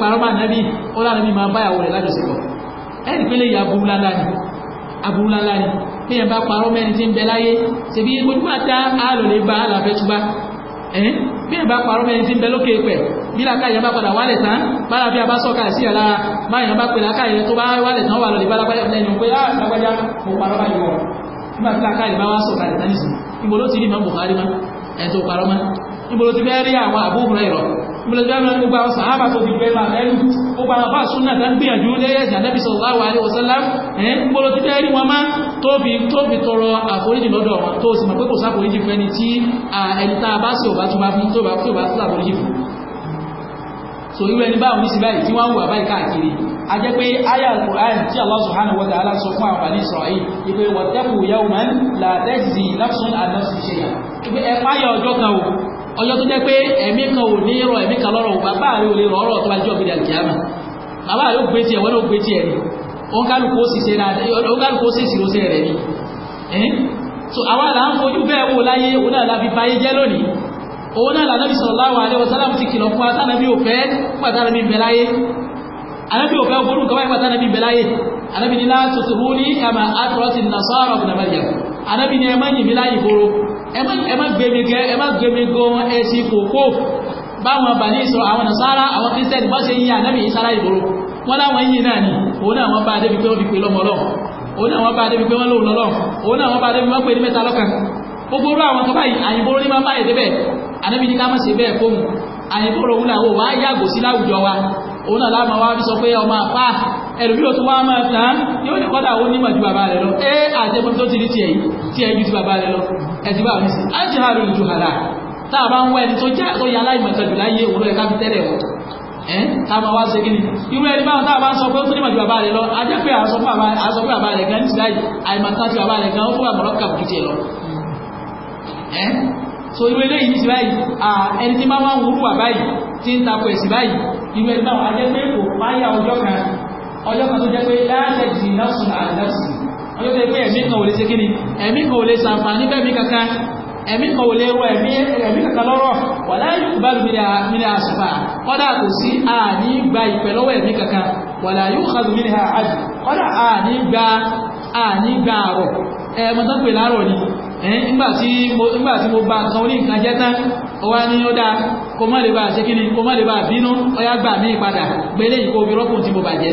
Imam bí yẹn bá parọ́ mẹ́rin tí ń bẹ láyé ṣèbí ojúmọ́ ta àlòlé bá àlàfẹ́ túbá ẹ̀ẹ́n bí yẹn bá parọ́ mẹ́rin tí ń bẹ lókè pẹ̀ bí làkà yẹn bá padà wálẹ̀ tán bára bí a bá sọ́ka sí ẹ̀ lára bá bá pè làkà tó bá wálẹ̀ tán wà lọ́lẹ̀ bá lápá yẹn ah lágbájá mo parọ́ báyìí wọ̀ nígbà tí làkà yẹn bá wá sọ̀ka rẹ̀ tán nísìnyí ìbò ló ti rí mọ́ Buhari mọ̀lẹ́gbẹ̀rún gbogbo àwọn sàhábà tó dìgbẹ́ máa lẹ́rù gbogbo àwọn bá súnà tán gbìyànjú lẹ́yẹ̀sì ànábì sallallahu alaihi wasallam ẹ̀ ń gbọ́lọ́ títẹ́ rí wọn má tóbi tóbi tọrọ àforíjì lọ́dọ̀ wọn tó sì mọ̀ pé kò sáforíjì fún ẹni tí ẹni tá a bá sì ò bá tún bá fún tó bá tó bá sí àforíjì fún so irú ẹni báwọn ní sí báyìí tí wọ́n ń wà ọjọ́ tó jẹ́ pé ẹ̀mí kan ò ní rọ ẹ̀mí kan lọ́rọ̀ bàbá rẹ̀ ò lè rọ ọ̀rọ̀ tó bá jọ gbé dàgbé àmà bàbá rẹ̀ ó gbé tiẹ̀ wọ́n ó gbé tiẹ̀ ni ṣe rẹ̀ ni so àwọn àlà ń fojú bẹ́ẹ̀ wò láyé òun náà láfi báyé jẹ́ lónìí òun náà lànàbí sallallahu alaihi wasallam ti kìlọ̀ fún atánàbí òfẹ́ pàtàkì bẹ̀láyé anábí òfẹ́ ògbórùn kọ́wàá pàtàkì bẹ̀láyé anábì ni ẹ má yìnbí láyé ìgboro ẹ má gbẹmí gẹ ẹ má gbẹmí gan ẹsìn kòkó báwọn bàní sọ àwọn nàṣàrà àwọn kírísítẹ́nì bá ṣe yí anábì yìí sára ìgboro láwọn yìí náà ni òun náà wọn bá débi pé wọn fi pe lọmọ lọ òun náà wọn bá débi pé wọn lòun lọlọ òun náà wọn bá débi wọn pè ní mẹ́ta lọ́kàn gbogbo orú àwọn kọba yìí àyìnbóró ní máa bá èdè bẹ́ẹ̀ anábì ní ká pé ọmọ ẹlòmí ò tún wá máa tán yóò ní kọ́dà ó nímọ̀ ju bàbá rẹ̀ lọ ẹ àjẹmọ́ tó ti rí tiẹ̀ yìí tí ẹ ju ti bàbá rẹ̀ lọ ẹtì bá mi sí ájì ha lórí ju hàrà tá a bá ń wá ẹni tó jẹ́ àtọ́yà aláìmọ̀tẹ́jù láyé òwúrọ̀ ẹ̀ká fi tẹ́lẹ̀ wọn táwọn wá ṣe gíní irú ẹni báwọn táwọn bá ń sọ pé ó tún nímọ̀ ju bàbá rẹ̀ lọ ajẹ́ pé àsọ pé bàbá rẹ̀ gan ní síláì àìmọ̀tán ti bàbá rẹ̀ gan ó tún wà mọ̀lọ́kà bùkìtì ẹ̀ lọ so irú eléyìí ní ti báyìí ẹni tí máa ń wúrú wà báyìí tí ń takò ẹ̀sìn báyìí irú ẹni báwọn ajẹ́ pé kò báyà ọjọ́ kan ọjọ́ kan tó jẹ́ pé láàrẹ̀dì nọ́sùn àdáṣì ọjọ́ tó pé ẹ̀mí kan ò lè ṣe kíni ẹ̀mí kan ò lè ṣàǹfààní bẹ́ẹ̀mí kankan ẹ̀mí kan ò lè wọ ẹ̀mí kankan lọ́rọ̀ wà láyé ìbálò mílẹ̀ àṣùfà kọ́dà kò sí àní gba ìpẹ́ lọ́wọ́ ẹ̀mí kankan wà láyé òkàdù mílẹ̀ àjù kọ́dà àní ni nígbà tí mo bá nǹkan orí nǹkan jẹ́ tán ọwá ní ó dáa kó má lè bá ṣe kíni kó má lè bá bínú ọyá gbà mí padà gbélé ìkó obìnrin ọkùnrin tí mo bàjẹ́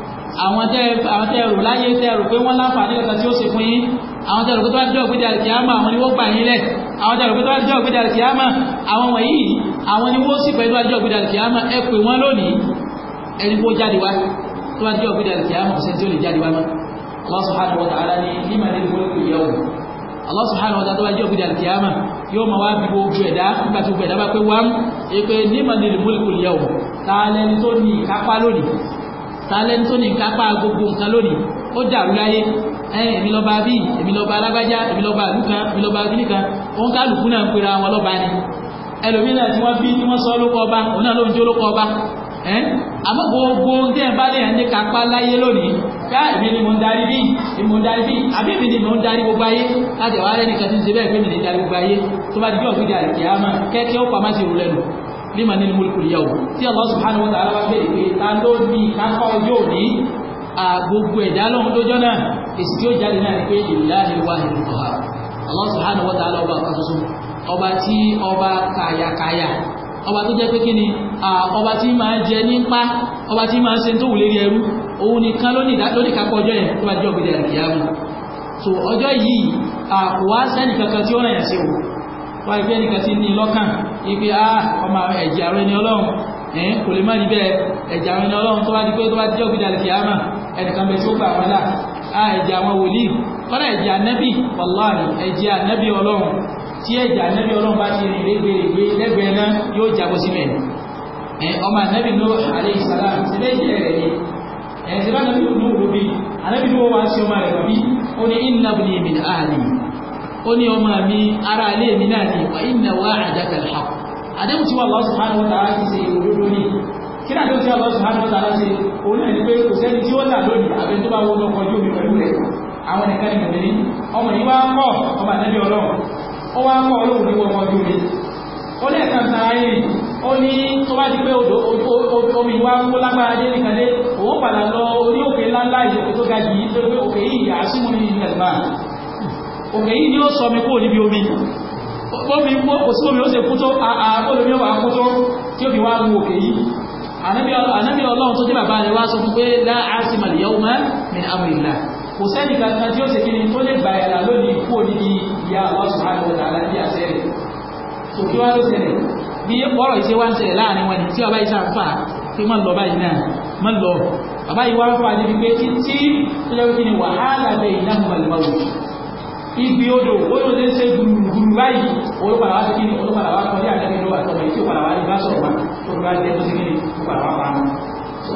àwọn tẹ́ ẹrù láyé tẹ́ ẹrù pé wọ́n láǹfààní kankan tí ó sì fún yín àwọn tẹ́ ẹrù pé tó bá jẹ́ òpin dàrí kìámà àwọn ni wọ́n gbà yín lẹ̀ àwọn tẹ́ ẹrù pé tó bá jẹ́ òpin dàrí kìámà àwọn wọ̀nyí àwọn ni wọ́n sì pẹ́ tó bá jẹ́ òpin dàrí kìámà ẹ pè wọ́n lónìí ẹni kó jáde wá tó bá jẹ́ òpin dàrí kìámà ọ̀sẹ̀ tí ó lè wá mọ́ Allah subhanahu wa ta'ala ni lima lil mulku yawm Allah subhanahu wa ta'ala tó bá jẹ́ òpin dàrí kìámà yóò máa wá bí gbogbo ẹ̀dá nígbà tí gbogbo ẹ̀dá lima lil mulku yawm ta lẹni tó ní ìkápá lónìí tààlẹ́ni kápá gbogbo nǹkan lónìí ó dàrú láyé ẹ̀yìn èmi lọ́ba bí èmi lọ́ba alágbájá èmi lọ́ba àlùkan èmi lọ́ba abínìkan ó kálukú náà ń pera wọn lọ́ba ni ẹlòmíràn tí wọ́n bí tí wọ́n sọ lóko ọba òun náà ló ń jó lóko ọba àmọ́ gbogbo tẹ́ ẹ̀ bá lè ní kápá láyé lónìí ká ah, èmi ni mo ń darí bí èmi mo ń darí bí àbí èmi ni mo ń darí gbogbo ayé láti wàá rẹ́nìkan tí ń ṣe bẹ́ẹ̀ pé èmi ni darí gbogbo ayé tó bá di bí ọ̀gbìn dàrí kìá mọ́ kẹ́kẹ́ lima ní mulkul yawm tí Allah subhanahu wa ta'ala bá bèèrè pé ta ló ní kápá ọjọ́ òní gbogbo ẹ̀dá lọ́hún lójọ́ náà èsì tí ó jáde náà ni pé lillahi al-wahid al Allah subhanahu wa ta'ala ọba kan ṣoṣo ọba tí ọba kàyàkàyà ọba tó jẹ́ pé kí ni ọba tí máa jẹ nípa ọba tí máa ṣe tó wù lérí ẹrú òun nìkan lónìí kápá ọjọ́ yẹn tó bá jẹ́ ọ̀gbẹ̀dẹ̀ àgbẹ̀yàmù so ọjọ́ yìí àkùwá sẹ́nì kankan tí ó rẹ̀ yẹn sí òun wọ́n ẹgbẹ́ nìkan ti ní lọ́kàn ipe a ah, ọmọ ẹ̀jẹ̀ àwọn ẹni ọlọ́run ẹ̀ kò lè má níbẹ̀ ẹ̀jẹ̀ àwọn ẹni ọlọ́run tó bá di pé tó bá jẹ́ òkúta àti àmà ẹnìkan bẹ tó gbà wọn là a ah, ẹ̀jẹ̀ àwọn wòlíì kọ́nà ẹ̀jẹ̀ ànábì wàláhì ẹ̀jẹ̀ ànábì ọlọ́run tí ẹ̀jẹ̀ ànábì ọlọ́run bá ti rìn lẹ́gbẹ̀ẹ́gbẹ́ lẹ́gbẹ̀ẹ́ náà yóò jábọ́ sílẹ̀ ọmọ ànábì ló àlẹ́ ìsàlám sílẹ̀ ẹ̀jẹ̀ rẹ̀ ni ẹ̀sìn bá ànábì ló wò bí ànábì ló wà sí ọmọ rẹ̀ bí ó ní ó ní ọmọ mi ara ilé mi náà ni wà inna wa'adaka al-haqq àdéhùn tí Allah subhanahu wa ta'ala ti ṣe òdodo ní kí náà tí Allah subhanahu wa ta'ala ṣe òun náà ni pé kò sẹ́ni tí ó là lónìí àbẹ́ tó bá wọ́n lọ́kọ̀ ojú omi pẹ̀lú rẹ̀ àwọn nìkan ni mẹ̀mẹ́ ní ọmọ yìí wá kọ́ ọmọ ànábì ọlọ́run ó wá kọ́ ọlọ́run ní wọ́n ojú omi ó ní ẹ̀ka ta ayé ó ní tó bá di pé omi wá kó lágbára dé nìkan dé òun padà lọ orí òkè ńláńlá ìṣòkè tó ga jì í pé òkè yìí àásùmù ní ìgbàgbà òkè yìí ni ó sọ mi kó níbi omi omi kò sí omi ó sì kú tó olómi ọba kú tó tí omi wá ru òkè yìí ànábì ọlọ́run tó jẹ́ bàbá rẹ̀ wá sọ fún pé láàásì màlìyà ọmọ min amrillah kò sẹ́ni kankan tí ó sì kí ni tó lè gba ẹ̀là lónìí kú níbi ìyá Allah subhanahu wa ta'ala bí àṣẹ rẹ̀ tó kí wá ló ṣẹlẹ̀ bí ọ̀rọ̀ ìṣe wá ń ṣẹlẹ̀ níbi pé títí tó lẹ́wọ́ kí ni wàhálà bẹ́ẹ̀ ìnáhùn màlìmọ́wò ibi odò odò tí ń ṣe gbùrùgbùrù báyìí olóòpàdà wá sí kí ni olóòpàdà wá kọjá àtẹ́kẹ́ lọ́wọ́ àtọ́mọ̀ èyí tí ó padà wá ní bá sọ̀rọ̀ wọn tó bá jẹ́ tó sí kí ni ó padà wá pàánù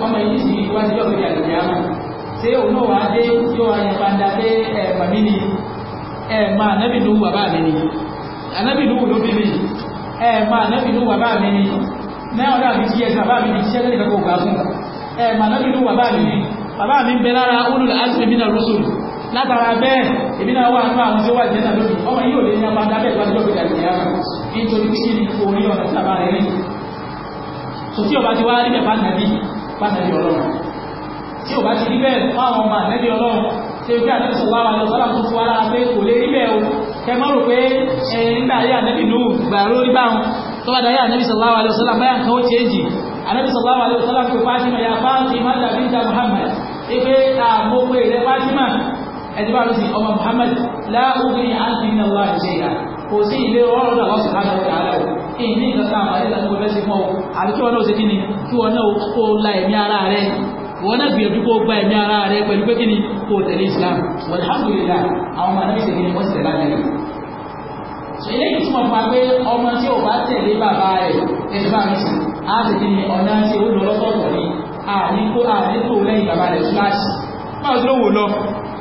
ọmọ yìí sì wá sí ọ̀gbìn àlùkè àmà ṣé òun náà wá dé tí ó wá yẹ padà pé ẹ̀ màmí ni ẹ̀ máa nábì nù bàbá mi ni ànábì nù ló bí mi ẹ̀ máa nábì nù bàbá mi ni náà dàbí tí ẹ̀ bàbá mi ni tí ẹ̀ bàbá mi ń bẹ lára olùlà azmi mina rusul látara bẹ́ẹ̀ èmi náà wà nínú àwọn tí ó wà jẹ́ náà lónìí ọmọ yìí ò lè yan máa dábẹ́ ìgbàlódé òkè so tí ọba ti wá rí bẹ́ẹ̀ pàtàkì pàtàkì ọlọ́run tí ọba ti rí bẹ́ẹ̀ fáwọn ọmọ àtẹ́bí ọlọ́run tí ó gbé àtẹ́bí sọ̀rọ̀ àwọn ọ̀sọ́lá tó fún ara pé kò lè rí bẹ́ẹ̀ o kẹ mọ́ rò pé nígbà ayé àtẹ́bí nù gbà lórí báwọn tó bá darí ẹni bá lọ́sìn ọmọ Muhammad láàrúgbìn àti iná wà ní ṣẹ́yà kò sí ilé ọlọ́run náà lọ́sìn láti ọ̀dà alẹ́ èyí ní ìtọ́ta àwọn ẹ̀dá tó fẹ́ sí fún ọ àbí kí wọn náà ṣe kí ni kí wọn náà kó la ẹ̀mí ara rẹ wọn náà gbìyànjú kó gba ẹ̀mí ara rẹ pẹ̀lú pé kí ni kó tẹ̀lé Islam walhamdulillah àwọn ọmọ náà ṣe kí ni wọ́n sì tẹ̀lé alẹ́ rẹ. eléyìí túmọ̀ fún wa pé ọmọ tí ò bá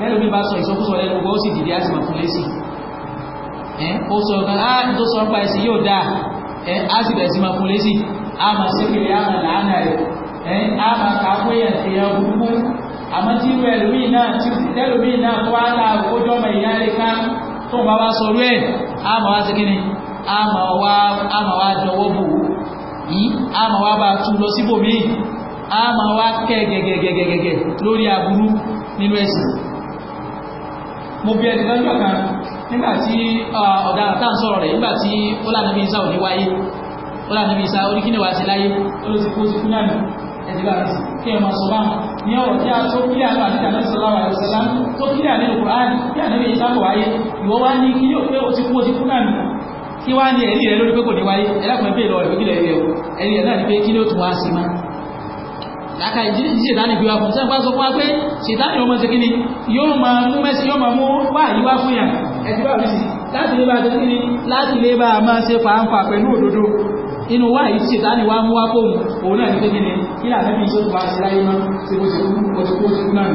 bẹ́ẹ̀ mi bá sọ ìsọkúsọ lẹ́nu gbọ́ sì dìde àti màkúnlé ó sọ ọ̀gá ah, tó sọ yóò dáa sí máa rẹ̀ máa a lórí mo bí ẹni kan jọ́ka nígbà tí ọ̀dà tá ń sọ̀rọ̀ rẹ̀ nígbà tí ó lànà bí isa ò ní wáyé ó lànà bí isa ó ní kí ni wàá sí láyé ó ló ti kó sí rẹ̀ kí ẹ̀ Quran kí àná bí isa kò wáyé ìwọ wá ní kí yóò pé ó ti kó sí fúnà nù kí wá ní ẹ̀rí rẹ̀ lórí pé kò ní wáyé ẹ̀dá láka ìdílé tí ṣètánì fi wá fún sẹ́gbà sọ fún wa pé ṣètánì ọmọ ṣe kíni yóò máa mú mẹ́sí yóò máa mú wá àyíwá fún yàn ẹ̀tí bá rí sí láti lè bá ṣe kíni láti lè bá máa ṣe fàáfà pẹ̀lú òdodo inú wá yìí ṣètánì wá mú wá fóun òun náà ní pé kíni kí làbẹ́ fi ṣe wá sí láyé mọ́ ṣe mo ṣe kú mo ti kú oṣù náà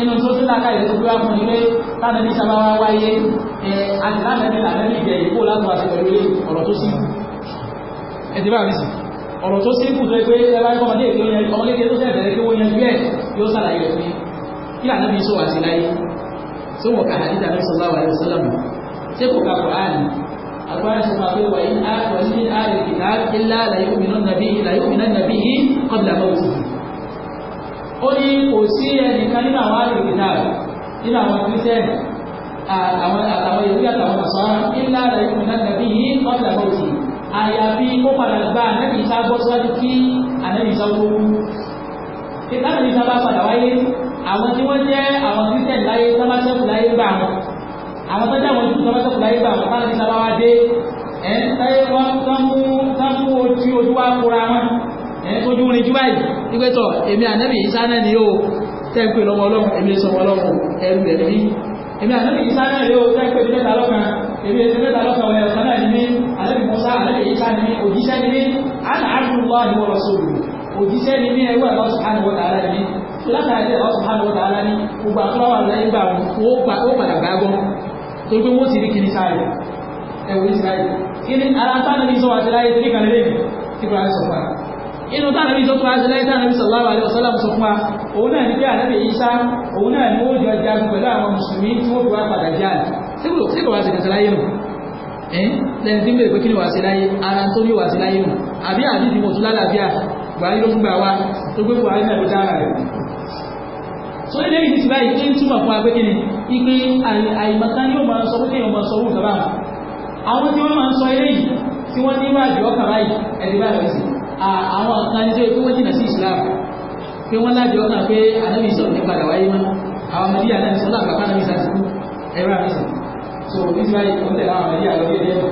inú tó tún láka ìdílé tó fi wá fún ilé lánàá ní sábà wá wáyé ẹ àti lánàá ní làbẹ́ mi ìgbẹ̀yìn kó látọ̀ àti pẹ̀lú ilé ọ̀rọ̀ tó sí ẹ̀tí bá rí sí ọ̀rọ̀ tó sínkù tó pé ẹlá ọmọdé ọmọdé tó sẹ́ẹ̀bẹ̀rẹ̀ pé wọ́n yẹn bí ẹ̀ yóò sàlàyé rẹ̀ fún kí là náà bí sọ wà sí láyé tí wọ́n kà hadith àbí sọlá wà ní sọlá mu tí kò ka Kùránì agbára sọ pé wà ní àwọn ní àrẹ kìtà ilá làyómìnà nàbí làyómìnà nàbí kọ́dà mọ́tò ó ní kò sí ẹnìkan nínú àwọn àrẹ kìtà nínú àwọn kírísẹ́nì àwọn àtàwọn yorùbá àyàfi kó padà gba ànábì Ìsá gbọ́ síwájú kí ànábì Ìsá tó wú ìtàbí Ìsá bá padà wáyé àwọn tí wọ́n jẹ́ àwọn kristian láyé tọ́másẹ́kù láyé gbà wọn àwọn tó jẹ́ àwọn jù tọ́másẹ́kù láyé gbà wọn táwọn Ìsá bá wá dé ẹ̀ ń táyé wọn tán mú ojú ojú wá kóra wọn ẹ̀ ń tójú rin jù báyìí wípé tọ̀ èmi ànábì Ìsá náà ni yóò tẹ́ǹpé lọ́mọ ọlọ́run èmi sọmọ ọlọ́run ẹrù ẹ̀mí èmi ànábì Ìsá náà yóò tẹ́ǹpé lọ́mọ ọlọ́run èmi èsì mẹ́ta lọ́sọ̀rọ̀ ẹ̀ ọ̀sán náà ni mí alẹ́bí musa alẹ́bí isa ni mí òjíṣẹ́ ni mí àná àdúrà ni wọ́n sọ òru òjíṣẹ́ ni mí ẹwú ẹ̀rọ subhanahu wa ta'ala ni mí látàrí ẹ̀rọ subhanahu wa ta'ala ni gbogbo àtúwà lẹ́yìn gbà ó padà gbàgbọ́ torí pé wọ́n ti rí kiri sáré ẹ̀wù israẹli kiri ara táwọn ẹni sọ wà sí láyé torí kan lè mí tí kò láti sí kò wá sí kàkàlá yé nù lẹ́yìn tí ń bèèrè pé kí ni wà sí láyé ara tó ní wà sí láyé nù àbí àbí ìdìbò tó lálàáfíà buhari ló fún gbà tó gbé fún wa ni ipe àìmọ̀kan yóò máa sọ pé kí èèyàn máa sọ wù kaba àwọn tí wọ́n máa ń sọ eléyìí tí wọ́n ní wá àjọ ọkà báyìí ẹni bá rẹ̀ sí àwọn kan ní tó yẹ kó wọ́n jìnà sí Islam pé wọ́n lájọ ọkà ẹ̀rọ àbìsọ̀ so níbi báyìí kò ń tẹ̀lé àwọn ẹ̀yà lọ yẹ́dẹ́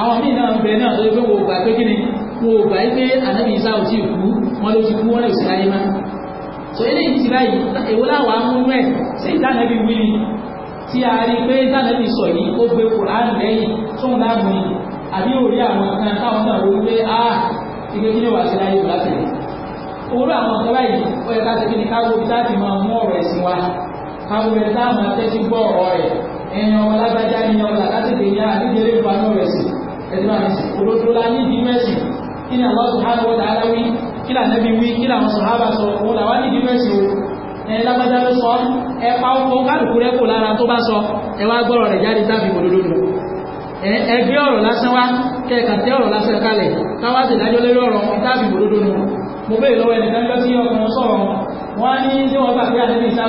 àwọn míì náà bẹ̀rẹ̀ náà tó yẹ pé wo gbà pé kí ni wo gbà yí pé ànábì Ìsá ò tí kú wọn ló ti kú wọn lè sí láyé má so eléyìí ti báyìí èwo láwàá mú nú ẹ̀ sí ìtànàbí wí ni tí a rí pé ìtànàbí sọ yìí ó gbé Kùránì lẹ́yìn tóun láàmú ni àbí òrí àwọn kan táwọn náà ló wé á ìgbé kí ni wàá sí láyé ìgbà tẹ̀lé owó àwọn kan báyìí ó yẹ ká ti kí ni ká wo bí máa mú ọ̀rọ̀ ẹ̀sìn wa ká wo ẹ̀ táwọn atẹ́tí gbọ́ ọ̀rọ̀ rẹ̀ ẹ̀yìn ọmọ lágbájá ní ọmọ làkàtìkè ní àdíjẹrẹ ìbánú rẹ̀ sí ẹ̀dùnà rẹ̀ sí olódúlá ní ìdímẹ́sì kí ni àwọn subhanahu wa ta'ala wí kí ni ànábi wí kí ni àwọn sàhábà sọ òun làwọn ní ìdímẹ́sì o ẹ̀ lágbájá ló sọ ẹ pa ọkọ̀ kálukú rẹ̀ kò lára tó bá sọ ẹ wá gbọ́rọ̀ rẹ̀ jáde tàbí òdodo ẹ wọ́n ní tí wọ́n gbà pé àdébí ìta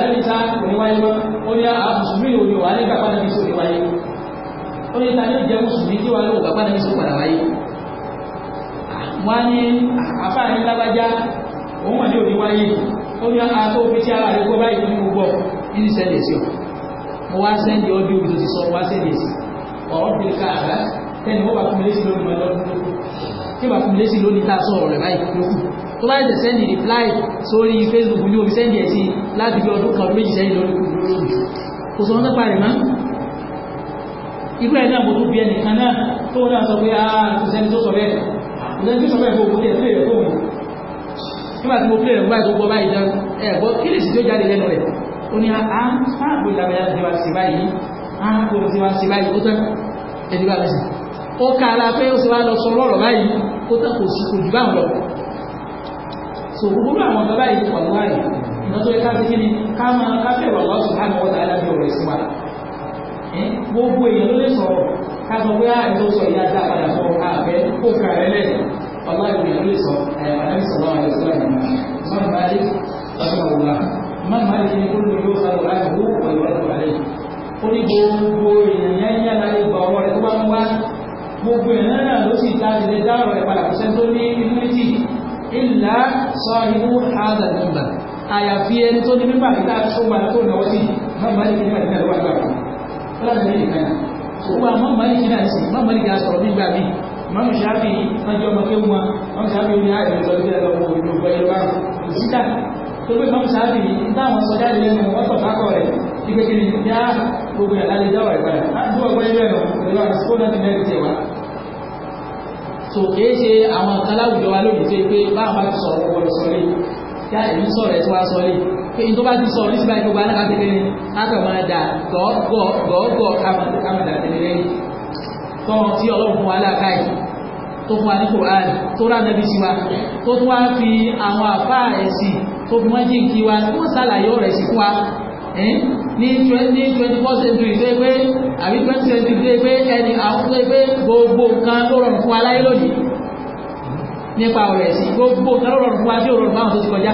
àdébí ìta kò ní wáyé mọ́ ó ní àmùsùlùmí ìwòye wà nígbà padà bí sóde wáyé ó ní tani ó jẹ́ mùsùlùmí tí wà ló gbà padà bí sóde padà wáyé wọ́n ní àfáàní lágbájá òun wà ní òde wáyé ó ní àtó fi tí ara rẹ̀ kó báyìí ní gbogbo ní sẹ́ndì sí ọ mo wá sẹ́ndì ọdún òbí tó ti sọ ọ̀rọ̀ bí ká àgbá wọ́n bá kúmilé sí lónìí lọ́dún lókù tí bá kúmilé sí lónìí tá a rẹ̀ báyìí lókù tó bá send sẹ́ndì reply sórí Facebook ní omi sẹ́ndì ẹ̀ sí láti bí ọdún kan méjì send lórí kò sọ nípa rẹ̀ mọ́ irú ẹ̀ náà mo tún bí ẹnìkan náà tó náà sọ pé ah kò sẹ́ni tó sọ bẹ́ẹ̀ kò sẹ́ni tó sọ bẹ́ẹ̀ fún òkú tẹ̀ fún èkó mi nígbà tí mo pè rẹ̀ nígbà tó gbọ́ báyìí dán ẹ̀ gbọ́ kí lè sì tó jáde lẹ́nu rẹ̀ ó ní ah, ah sáàbù ìlànà ti wá sí báyìí ah kò ti wá sí báyìí ó tán ẹni bá lọ sí ó ká ara pé ó sì wá lọ sọ lọ́rọ̀ báyìí ó tán kò sí kò jù báwọn lọ so gbogbo àwọn ọ̀gá báyìí wà láàyè ìgbà tó yẹ ká ti kí ni ká máa ká fẹ̀rọ Allah subhanahu wa ta'ala bí ọ̀rẹ́ sí wa gbogbo èèyàn ló lè sọ̀rọ̀ ká sọ pé àìsí ah, ó sọ ìyá dá padà sọ àbẹ́ kó kà rẹ lẹ̀ Allah ìgbìyàn ló lè sọ àyàmàdàmì sọ̀rọ̀ àwọn ẹ̀sọ́ ìmọ̀ mọ́nà máa ní kó lóyún ó sọ̀rọ̀ láti wó pẹ̀lú ọ̀rọ̀ rẹ̀ ó ní gbogbo èèyàn yẹn yára ìgbà ọwọ́ rẹ̀ tó bá ń wá gbogbo èèyàn náà ló sì illa sahibu hadha mímbà àyàfi ẹni tó ní mímbà nígbà tó gbà tó náwó sí mọ́mọ́ ní mímbà nígbà tó wà gbà fúlàní ní ìkànnì tó wà mọ́mọ́ ní kí náà sí mọ́mọ́ ní kí a sọ̀rọ̀ nígbà míì mọ́mọ́ ṣáàbì mọ́jọ́ ọmọ kéwù wọn mọ́mọ́ ṣáàbì ní àìrìn lọ sí ẹ̀rọ òwò ìlú ọgbà yorùbá òsítà tó pé mọ́mọ́ ṣáàbì ní táwọn sọjá lè pẹ̀lú àsìkò náà ti mẹ́rin tiẹ̀ so kìí ṣe àwọn nǹkan láwùjọ wa lónìí tó pé báwọn bá ti sọ̀rọ̀ ọ̀rọ̀ sọ̀rọ̀ yá èyí sọ̀rọ̀ ẹ̀ tí wàá sọ̀rọ̀ pé n tó bá ti sọ̀rọ̀ nísìbáyé gbogbo alága kékeré láti ọmọ ẹ̀dá gọ́ọ̀gọ́ gọ́ọ̀gọ́ amọ̀dà kékeré tọ́run tí ọlọ́run fún wa láàká yìí tó fún wa ní Kùránì tó rà nàbí sí wa tó tún wá fi àwọn àfáà ẹ̀sìn tó fi wọ́n jí kí wa wọ́n sàlàyé ọ̀rọ̀ ẹ̀sìn fún wa ní twenty twenty four century tó yẹ pé àbí twenty century tó yẹ pé ẹni àwọn tó yẹ pé gbogbo nǹkan ó rọrùn fún wa láyé lónìí nípa ọ̀rọ̀ ẹ̀sìn gbogbo nǹkan ó rọrùn fún wa tí ó rọrùn fún àwọn tó ti kọjá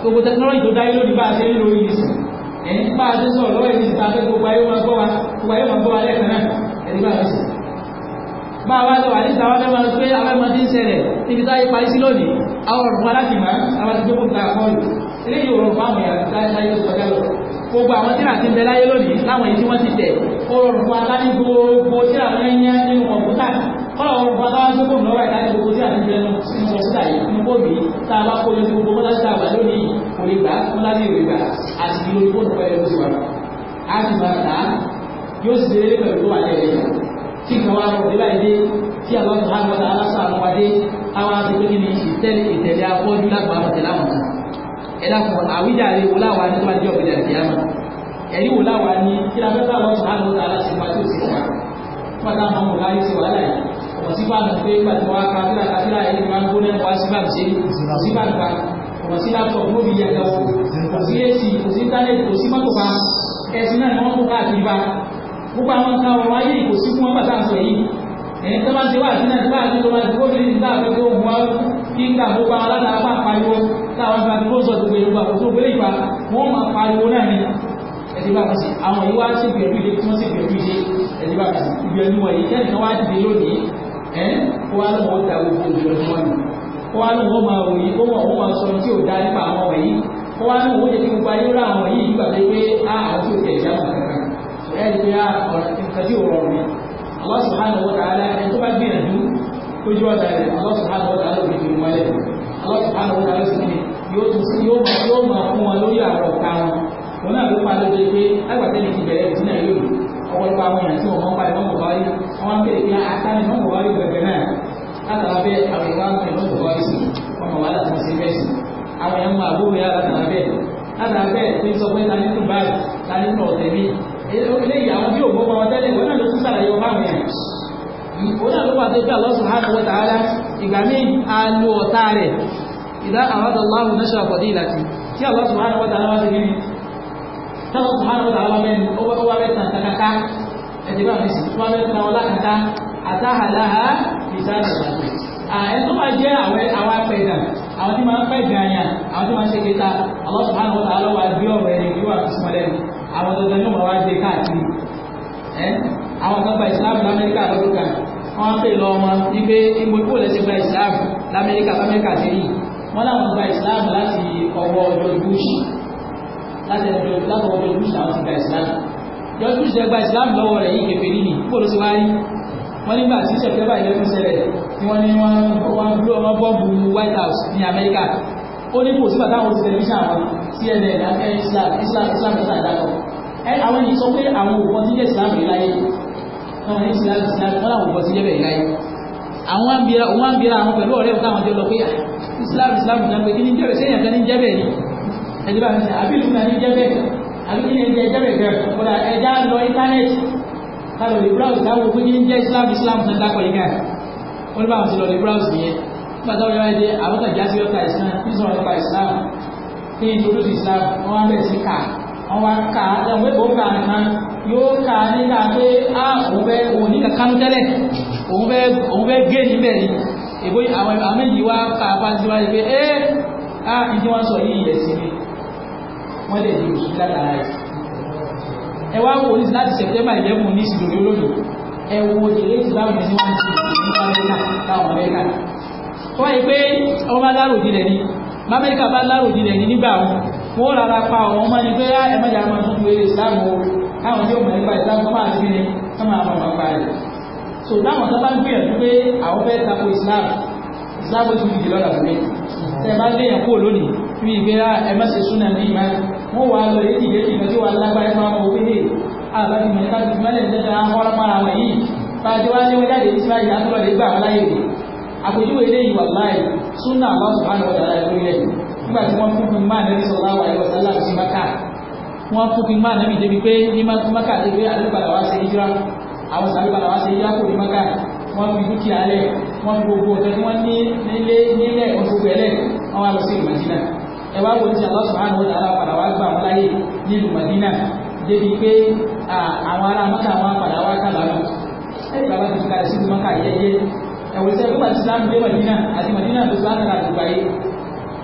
gbogbo technology tó dáyé lónìí bá a ṣe ń lo ìlú sí ẹ̀yìn bá a ṣe sọ̀rọ̀ lọ́wọ́ ìlú sí ta fẹ́ gbogbo ayé máa gbọ́ wa gbogbo ayé máa gbọ́ wa lẹ́ẹ̀kan náà ẹ̀rí bá a ṣe bá wá lọ wà ní ìtawà lẹ́wà pé abẹ́mọdé ń ṣẹlẹ̀ níbi táyé parí sí lónìí àwọn ọ̀rùn alákìmá àwọn ti gbogbo nǹkan àkọọ́lù ilé yìí rọrùn fáwọn èèyàn láyé tó kọjá lọ gbogbo àwọn tíra ti ń bẹ láyé lónìí láwọn èyí tí wọ́n ti tẹ̀ ó rọrùn fún aláàbí gbogbo tíra fún ẹyẹ nínú kọ̀ǹpútà kọ́lọ̀ rọrùn fún aláàbí gbogbo lọ́wọ́ ìta ní gbogbo tíra ti ń bẹ nínú kọ̀ǹpútà yìí nínú bóbi tá a bá kó lórí gbogbo mọ́tà tí a ẹ̀dá kan àwíjàre wo láwa ní tó bá jẹ́ ọ̀gbìn ẹ̀dá yàrá ẹ̀rí wo láwa ní kí la fẹ́ bá lọ sùn àánú tààrà sí wa tó sì wà pátá máa mú láyé sí wàhálà yìí ọmọ sí bá gbé pàtó wa ká kíra ká kíra ẹni máa ń gbóná wá sí bá ṣe kò sí bá gbà ọmọ sí lápọ̀ mú bí yàgà wò kò sí èsì kò sí tálẹ̀ kò sí mọ́tò bá ẹ̀sìn náà ni wọ́n kó káàkiri bá gbogbo sponsor gbogbo ìlú àwọn tó gbélé ìgbà wọ́n máa pariwo náà ní ẹ̀dìbà kùsì àwọn ìwá sí ìgbẹ̀rú ilé tí wọ́n sì gbẹ̀rú ilé ẹ̀dìbà kùsì ìgbẹ̀rú wọ̀nyí kẹ́nìkan wá dìde lónìí ẹ̀ kó wá lọ́wọ́ da gbogbo ìgbẹ̀rú wọn nù kó wá lọ́wọ́ máa ròyìn kó wọ́n wọ́n máa sọ tí ò dá nípa àwọn wọ̀nyí kó wá lọ́wọ́ jẹ́ kí gbogbo ayé rà àwọn yìí nígbà tó ẹ̀ ni Allah subhanahu wa ta'ala ẹni tó bá gbìyànjú kójú ọ̀dà Allah subhanahu wa Allah subhanahu wa yóò tún sí yóò yóò máa fún wọn lórí àárọ̀ ọ̀tá wọn òun náà ló máa lóde pé lágbàtẹ́ mi ti bẹ̀rẹ̀ ìdí náà lónìí ọ̀pọ̀lọpọ̀ àwọn èèyàn tí wọ́n mọ́ parí mọ́mọ́ bá rí wọ́n ń bèrè pé àtàrí ah, mọ́mọ́ bá rí gbẹ̀gbẹ̀ náà látara bẹ́ẹ̀ àwọn èèyàn ń pè mọ́mọ́ bá rí sí mọ́mọ́ wà láti ṣe bẹ́ẹ̀ sí àwọn èèyàn máa bóore látara bẹ́ẹ̀ látara bẹ́ẹ̀ pé sọ pé tani tún báyìí tani tún ọ̀tẹ̀ mi eléyìí àwọn tí òògùn wọn tẹ́lẹ̀ wọn náà ló tún sàlàyé wọn báwọn èèyàn òun náà ló pàṣẹ pé Allah subhanahu wa ta'ala ìgbà míì a lo ọ̀tá rẹ̀ إذا أراد الله نشر فضيلتي يا الله سبحانه وتعالى ما تجيني سبحانه وتعالى من هو هو بيتنا تكاكا اتباع نسي هو ولا كتا أتاها لها لسان الشافعي ẹni tó máa jẹ́ àwọn àwọn apẹ̀dà àwọn tí máa ń pẹ̀ gànyà àwọn tí máa ń ṣe kéta Allah subhanahu wa ta'ala wà bí ọ̀rọ̀ ẹni yóò wà fún ọlẹ́nu àwọn dandan yóò máa wá dé káàkiri ẹ́ wọ́n láwọn gba ìsìláàmù láti ọwọ́ George Bush láti ọwọ́ George Bush làwọn ti gba ìsìláàmù George Bush gba ìsìláàmù lọ́wọ́ rẹ̀ yìí kẹfẹ́ nínú kó ló ti wáyé wọ́n nígbà tí sẹ̀tẹ́bà ìlẹ́kùn ṣẹlẹ̀ ni wọ́n ní wọ́n bú ọmọ bọ́ọ̀bù White House ní Amẹ́ríkà ó ní kò sígbà táwọn ti tẹlifíṣàn àwọn CNN akẹ́ eh, Islam Islam Islam Islam ìdájọ́ ẹ àwọn yìí sọ pé àwọn òkò tí jẹ́ Islam rí láyé wọ́n ní Islam Islam wọ́n láwọn òkò tí jẹ́ bẹ̀rẹ̀ láyé àwọn abira òun abira àwọn pẹ̀lú ọ̀rẹ́ òkú àwọn jẹ́ lọ pé islam islam náà pé kí ni jẹ́bẹ̀ sẹ́yìn kan ní jẹ́bẹ̀ ni ẹ̀jẹ̀ bá mi sẹ́ àbí ìlú náà ní jẹ́bẹ̀ àbí kí ni jẹ́bẹ̀ jẹ́ kódà ẹ̀já lọ íńtánẹ́ẹ̀tì kálọ̀ lè browse dáwọ́ pé kí ni jẹ́ islam islam náà dákọ̀ yìí káà wọ́n browse nìyẹn nígbà táwọn yàrá dé àwọn kan jásí islam islam ní islam wọ́n wá bẹ̀rẹ̀ sí ká wọ́n wá ká ẹ̀wọ̀n pé bó ká nìkan yóò ká nígbà pé á òun bẹ́ gé ní bẹ́ẹ̀ ni èbó àwọn àmì wá ká apá sí wáyé pé ẹ́ á ìdí wọ́n sọ yìí yẹ̀ sí mi wọ́n lè di òṣù látara ẹ̀ ẹ wá wò ní láti sẹ̀tẹ́mbà ìlẹ́mù ní ìsìnkú olódò ẹ wo ìrèé ti báwọn ẹni wọ́n ti ní amẹ́ríkà táwọn amẹ́ríkà tó wáyé pé ọmọ bá lárò jílẹ̀ ni amẹ́ríkà bá lárò jílẹ̀ ni nígbà wọn wọ́n rárá pa ọ̀rọ̀ ọmọ ni pé ẹ̀mẹ́jà máa tún wé ìsìlámù káwọn tí ó mọ̀ nípa ìsìlámù kọ́ máa ti fi ni kọ́ máa mọ̀ nípa rẹ̀ so táwọn tó bá ń gbìyànjú pé àwọn fẹ́ tako islam islam tún fi jùlọ làbúlé tẹ bá léèyàn kúrò lónìí fi ìgbéra ẹ má ṣe súnà ní ìmá wọn wà lọ èyí ìgbé ìgbé tí wà lágbára ẹgbẹ́ ọmọ òwe yìí àbájú mọ̀ nípa tuntun mẹ́lẹ̀ nípa ọ̀rọ̀ para àwọn yìí bájú wá léwé jáde tí wáyé látọ̀rọ̀ lè gbà láyé rè àpèjúwe eléyìí wà láì súnà àwọn ọ̀sán àwọn ọ̀dà láì lórí rẹ̀ nígbà tí wọ́n fún fún máa nẹ́bí sọ̀rọ̀ àwọn ẹ̀rọ sálà sí maka wọ́n fún fún máa nẹ́bí débi pé ní maka débi àdébàdà wá sí ìjírá àwọn sàbí padà wá ṣe yá kò ní mọ́kà wọ́n fi dúkìá lẹ̀ wọ́n fi gbogbo ọ̀tọ́ tí wọ́n ní nílé nílẹ̀ wọ́n gbogbo ẹlẹ̀ wọ́n wá lọ sí ìmọ̀dínà ẹ wá wo ti Allah subhanahu wa ta'ala padà wá gbà wọ́n láyè nílùú mọ̀dínà débi pé àwọn ará mọ́kà wọn padà wá kàlà lọ ẹ ti bàbá ti fi kalẹ̀ sí mọ́kà yẹyẹ ẹ̀wọ̀n ìṣẹ́ pípa ti sáà ń gbé mọ̀dínà àti mọ̀dínà tó sáà kàlà àdùgbà yìí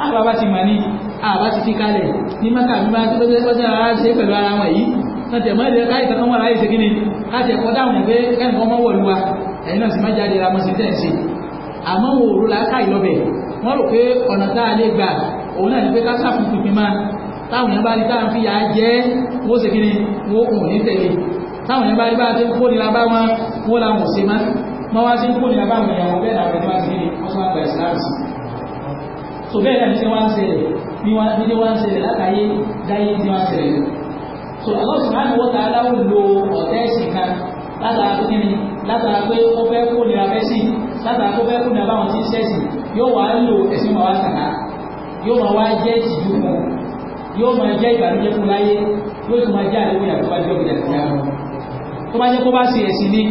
àbábá ti mọ̀ ní àbá tẹ̀ mọ́ ẹ̀dẹ̀ káyìí kankan wọ́n ráyè ṣe kíni káṣí ẹ̀kọ́ dáhùn ẹ̀gbẹ́ kan mọ́wọ́ lu wa ẹ̀yin náà sì má jáde ra mọ́sí tẹ̀ àmọ́ wò ó la káyìí lọ́bẹ̀ wọ́n rò pé ọ̀nà tá a lè gbà òun náà ní pé ká sáfún pínpín máa táwọn yẹn bá rí táwọn fi yà á jẹ́ wọ́n ṣe kíni wọ́n kùn ní tẹ̀lé táwọn yẹn bá rí bá a ti kó nira bá wọn ni wọ́n sọ àgbà ìsìláàmù so bẹ́ẹ̀ náà ní sẹ́ wá ń ṣẹlẹ̀ ní wá ń ṣẹlẹ̀ so Allah subhanahu wa ta'ala ń lo ọ̀tẹ́ ẹ̀sìn kan látara pé kíni látara pé ó fẹ́ kó nira fẹ́ sí látara pé ó fẹ́ kó nira báwọn tí ń sẹ́sì yóò wá lo ẹ̀sìn máa wá sàná yóò máa wá jẹ́ ìtìjú fún yóò máa jẹ́ ìbànújẹ́ fún láyé yóò tún máa jẹ́ àlékún ìyàtọ̀ bá jẹ́ òkúta ìyá wọn tó bá jẹ́ kó bá ṣe ẹ̀sìn ni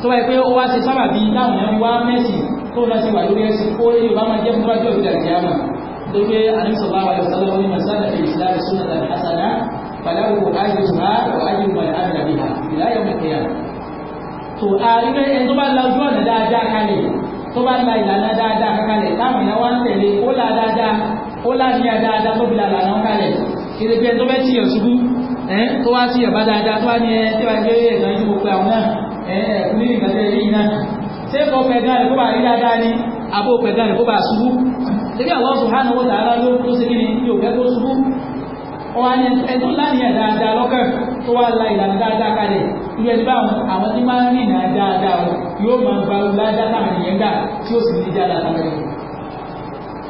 tó bá yẹ pé ó wá ṣe sábàbí táwọn èèyàn wá mẹ́sìn tó lọ sí wà lórí ẹ̀sìn ó lè yóò bá máa jẹ́ fún bá jẹ́ òkúta ìyá wọn nítorí pé àdìsọ̀lá wa ìṣàlọ́ onímọ̀ sábà ìṣàlọ́ ìṣúná tàbí àṣàlá فله أجرها وأجر من عمل بها إلى يوم القيامة tó àríwé ẹni tó bá la ojú ọ̀nà dáadáa kalẹ̀ tó bá la ìlànà dáadáa kalẹ̀ táwọn èèyàn wá ń tẹ̀lé ó la dáadáa ó la ní a dáadáa tó fi la lànà kalẹ̀ kéde pé ẹni tó bẹ́ tí yàn ṣubú ẹ̀ tó wá tí yàn bá dáadáa tó wá ní ẹ tí wàá gbé ẹ̀gbọ́n yìí gbogbo àwọn náà ẹ̀ ẹ̀kú ní nǹkan tẹ̀lé yìí náà ṣé kò pẹ̀ gan ni kó bá rí dáadáa ni àbó pẹ̀ gan ni kó bá ṣubú ṣé kí àwọn ọ̀sùn hánà wọ́n tààrà ló tó ṣubú ó wá ní ẹtú láníyàn dáadáa lọ́kàn tó wá la ìlànà dáadáa kalẹ̀ irú ẹni báwọn àwọn tí máa ń rìn náà dáadáa o yóò máa gba ládá táwọn èèyàn gbà tí ó sì ní jáde àtàwọn èèyàn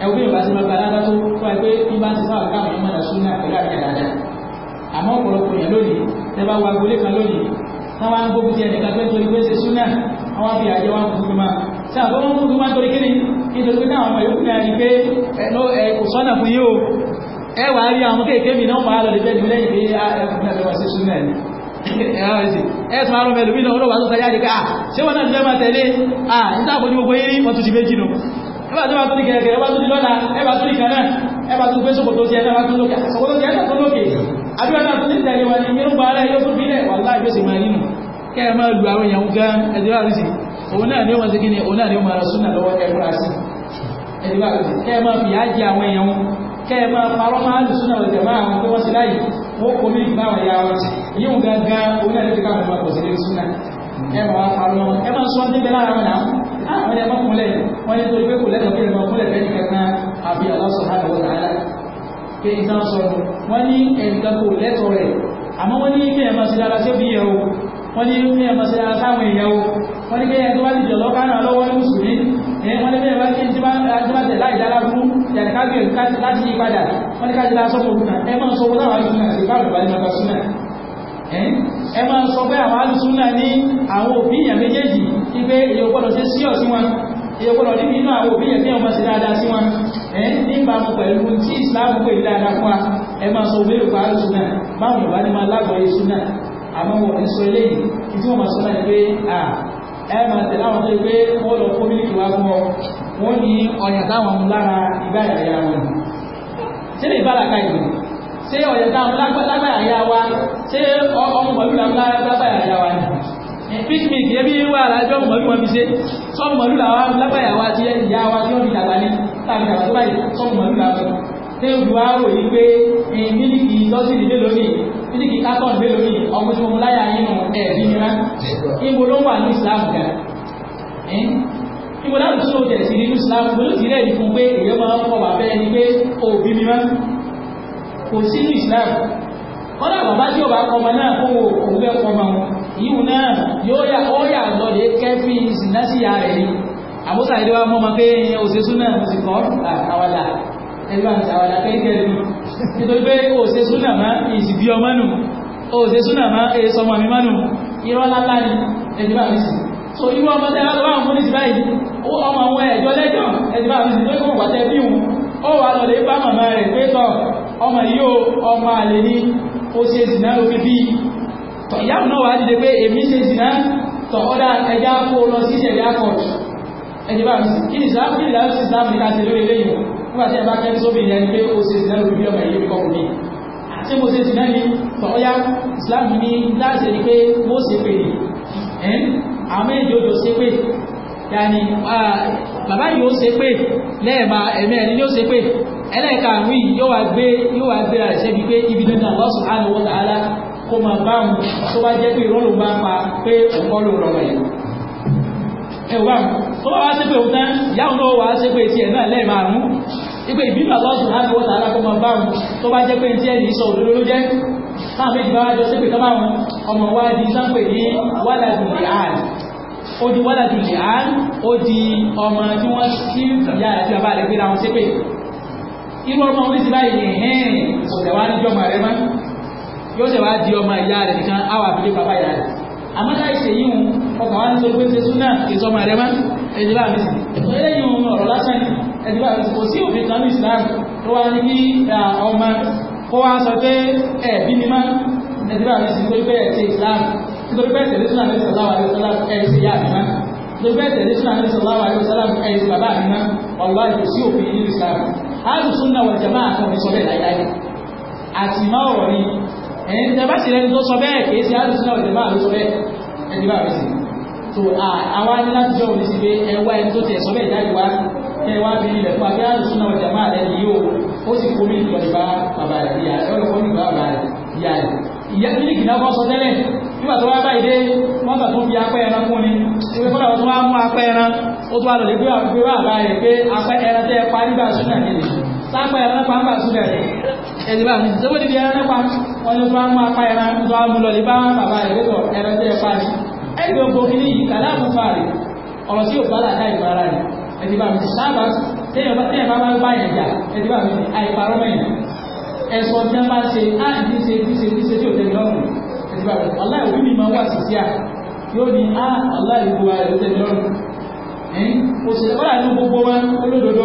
ẹ̀wọ́n bí ìbá ti máa gba ládá tó wá pé bí bá ti fáwọn káwọn èèyàn máa sún náà pẹ̀lú àríyàn dáadáa àmọ́ ọ̀pọ̀lọpọ̀ èèyàn lónìí tẹ́ bá wá agbolé kan lónìí táwọn á gbógun ti ẹnìkan tó ń torí pé ṣe sún náà àwọn àfi àjẹ wa kùkù ma tí àbọ̀ wọn kùkù ma torí kíni nítorí pé táwọn ọmọ yòókù náà rí pé ẹ̀ kò sọ́nà fún yìí o ẹ wà rí àwọn kéèkéé mi náà máa lọ lè bẹ́ẹ̀ ní lẹ́yìn pé ẹkùnrin àti wọ́n sí súnmọ́ ẹ̀ ẹ̀sùn àrùn ẹlùmí náà olóòwà tó tẹ̀lé àdìká ṣe wọ́n náà jẹ́mà tẹ̀lé àà ìtàkùn ní gbogbo yìí wọ́n tó ti méjì nù ẹbà tó bá tó ní kẹ̀kẹ́ ẹbà tó ní lọ́la ẹbà tó ní kanáà ẹbà tó gbésòkò tó ti ẹ̀nà tó lókè àṣọkòtò ti ẹ̀nà tó lókè àbíwá náà tó ní tẹ̀lé wà ni ó máa ṣe ni òun náà ni ó máa ra súnà lọ́wọ́ kẹ́ ẹ máa parọ́ máa lù súnà lọ́jọ́ máa àwọn pé wọ́n ti láyè wọ́n kò ní ìgbà wọn ya wọn yíò gangan oní ẹ̀rí kíkà wọn kò sí wọ́n ní torí pé kò lẹ́tọ̀ọ́ kúrẹ̀ Allah subhanahu wa ta'ala pé ìtàn sọ wọ́n ní ẹnìkan kò lẹ́tọ̀ọ́ rẹ̀ àmọ́ wọ́n ní kí ẹ máa ṣe dára sí òbí yẹ̀wò sáwọn èèyàn wọ́n ní kí ẹ tó bá ti jọ̀ lọ́kànnà lọ́wọ́ ní wọ́n lé bẹ́ẹ̀ bá kí n tí wọ́n tẹ̀ láì dára fún yàrá kábíyè láti yí padà wọ́n ní kájí lásán fún ẹ máa sọ fún àwọn àlùsùn náà sí báwọn ìbàdí máa sún náà ẹ máa sọ pé àwọn àlùsùn náà ní àwọn òbí yàn méjèèjì kí pé èyí gbọ́dọ̀ sí sí ọ̀sìn wọn èyí gbọ́dọ̀ níbi inú àwọn òbí yàn kí wọ́n sì dáadáa sí wọn níbàámu pẹ̀lú tí ìsìláàmù pè dáadáa fún wa ẹ máa sọ wílò fún àlùsùn náà báwọn ẹ máa tẹ̀lé àwọn tó yẹ pé wọ́n lọ kó mílíkì wá fún ọ wọ́n ní ọ̀yàn táwọn ń lára ìgbà ìyá wọn ṣé lè bára ka ìlú ṣé ọ̀yàn táwọn lágbàá ìyá wa ṣé ọmọ mọ̀lú lágbàá ìyá wa ni picnic ebi wà lájọ́ mọ̀lú wọn fi ṣe sọ́mọ̀lú làwọn lágbàá ìyá wa ti ìyá wa tí wọ́n fi dàgbà ní tàbí dàgbà tó báyìí sọ́mọ̀lú làwọn tí ó wá rò yí pé mílíkì lọ́sìdì mélòó ni mílíkì kátọ̀n mélòó ni ọmọ tí mo láyà yín nù ẹ̀rí mi rán níbo ló wà ní ìsìláàmù gan níbo láti tó tẹ̀ sí nínú ìsìláàmù tó ti rẹ̀ fún pé èyí máa ń kọ́ wà bẹ́ẹ̀ ni pé òbí mi rán kò sínú ìsìláàmù kọ́lá bàbá tí ó bá kọmọ náà fún òun fẹ́ kọmọ wọn ìyíwò náà yóò yà ó yà lọ lè kẹ́fí ìsìnásíyà rẹ̀ yìí àbúsà ìdíwá mọ́ ma pé òṣèṣú náà ti kọ́ àwàdà ẹlú àtàwàdà kẹ́kẹ́lú nítorí pé ó ṣe súnà má ìsìbí ọmọ nù ó ṣe súnà má èso ọmọ mi mánù irọ́ lálá ni ẹ̀dùn bá mi sì so irú ọmọ tẹ́ wá ń fún ìsìbá yìí ó ọmọ àwọn ẹ̀jọ́ lẹ́jọ́ ẹ̀dùn bá mi sì tó kọ̀ wà tẹ́ bí wọn ó wà lọ lè bá màmá rẹ̀ pé tọ̀ ọmọ yìí ó ọmọ àlè ní ó ṣe ìsìnà òfin bí tọ̀ ìyá náà wà á dìde pé èmi ṣe ìsìnà tọ̀ ọ́dà ẹ̀jẹ̀ bá mi kí ni sáà kí ni láti sí sáà mi ká ṣe lórí eléyìí nígbà tí ẹ bá kẹ́ni sóbì yẹn pé ó ṣe ìsinmi lórí bí ọmọ ìlú kọ́ mi ṣé mo ṣe ìsinmi ni tọ́yá Islam ní láti rí pé mo ṣe pé ẹ̀ àwọn èjì òjò ṣe pé yàní bàbá yìí ó ṣe pé lẹ́ẹ̀ma ẹ̀mí ẹni yóò ṣe pé ẹlẹ́ẹ̀ka àwọn yìí yóò wá gbé yóò wá gbéra ṣẹ́bi pé ibi dandan Allah subhanahu wa ta'ala kó máa bá wọn tó bá jẹ́ pé ìrọ́lù bá pa pé òun kọ́ ló rọrùn yìí ẹ̀wà tó bá wá sí pé òun tán ìyá òun náà wá sí pé tiẹ̀ náà lẹ́ẹ̀márùn-ún ipe ìbínú àlọ́sùn láti wọ́n tààrà kọ́ máa báwọn tó bá jẹ́ pé tí ẹni sọ òdodo ló jẹ́ táà méjì bá wájọ sí pé tọ́ báwọn ọmọ wa di sánpè ní wàlàdùn ìhàn ó di wàlàdùn ìhàn ó di ọmọ tí wọ́n sí ìyá àti bàbá rẹ̀ gbéra wọn sépè irú ọmọ orí ti báyìí hẹ́n kò tẹ̀wá níjọ́ ọmọ rẹ̀ mọ́ yóò tẹ̀wá di ọmọ ìyá rẹ̀ nìkan áwà àbílẹ̀ bàbá ìyá rẹ̀ àmọ́dá ìṣe yìí wọn ọkàn wá nítorí pé ṣe súnà èso ọmọ rẹ má ẹ̀dìbà mi sì eléyìí wọn ọ̀rọ̀ lásán ẹ̀dìbà mi sì kò sí òfin kan ní Islam tó wá ní kí ọmọ kó wá sọ pé ẹ̀bí mi má ẹ̀dìbà mi sì nítorí pé ẹ̀ṣẹ̀ Islam nítorí pé ẹ̀ṣẹ̀ lẹ́sùn àti ìṣẹ̀lá wà lẹ́sọ̀lá ẹ̀ṣẹ̀ yá mi má nítorí pé ẹ̀ṣẹ̀ lẹ́sùn àti ìṣẹ̀lá wà lẹ́sọ̀lá ẹ̀ṣẹ̀ bàbá mi má ọ̀lá kò sí òfin ní Islam alùsùn náà wọ̀ jẹ̀máà kan ní sọ bẹ́ẹ̀ láyé àtìmọ́ ọ̀rọ̀ ni ẹ̀yìn tẹ bá sì rẹni tó sọ bẹ́ẹ̀ kìí sí àdùsí náà ìdẹ̀bá ló sọ bẹ́ẹ̀ ẹ̀dí bá rẹ̀ sí so àwa ní láti jọ òní sí pé ẹwà ẹni tó tẹ̀ sọ bẹ́ẹ̀ jáde wá kẹwà bí ilẹ̀ fún abẹ́ àdùsí náà ìdẹ̀bá rẹ̀ ni yóò ó sì kó mílíkì lọ ìbá bàbá rẹ̀ ìyá rẹ̀ ọlọ́kọ́ ní bàbá rẹ̀ ìyá rẹ̀ ìyá mílíkì náà kọ́ sọ tẹ́lẹ̀ nígbà tó wá bá ìdé wọ́n kà tó fi apẹ́ ẹran fún ni ìwé kọ́dà wọ́n tó wá mú apẹ́ ẹran ó tó wá lọ lè gbé wà bá rẹ̀ pé apẹ́ ẹran tẹ́ parí bá sọ́nà nílẹ̀ lápá ẹran pa ń bà súnbẹ̀ ẹ̀dì bá mi sọ́wọ́ níbi ẹran pa wọn ló máa ń máa pa ẹran tó á mú lọ lè bá bàbá rẹ̀ lẹ́tọ̀ ẹran tẹ́ ẹ pa ni ẹ̀dì gbogbo kìíní yìí kàlá àbúfà rẹ̀ ọ̀rọ̀ tí ò bá làdá ìgbà ara rẹ̀ ẹ̀dì bá mi sábà téèyàn bá téèyàn bá bá gbá yẹn jà ẹ̀dì bá mi àìparọ́ mẹ́yìn ẹ̀sọ́ tí wọ́n bá ṣe á ní ṣe ní ṣe ní ṣe tí ò tẹ̀lé ọ̀rùn ẹ̀dì bá mi ọ̀la ìwé mi máa wà sí sí à yóò ní á ọ̀la ìwé wa ẹ̀dì tẹ̀lé ọ̀rùn ẹ̀yìn kò sì kọ́ra ní gbogbo wa olódodo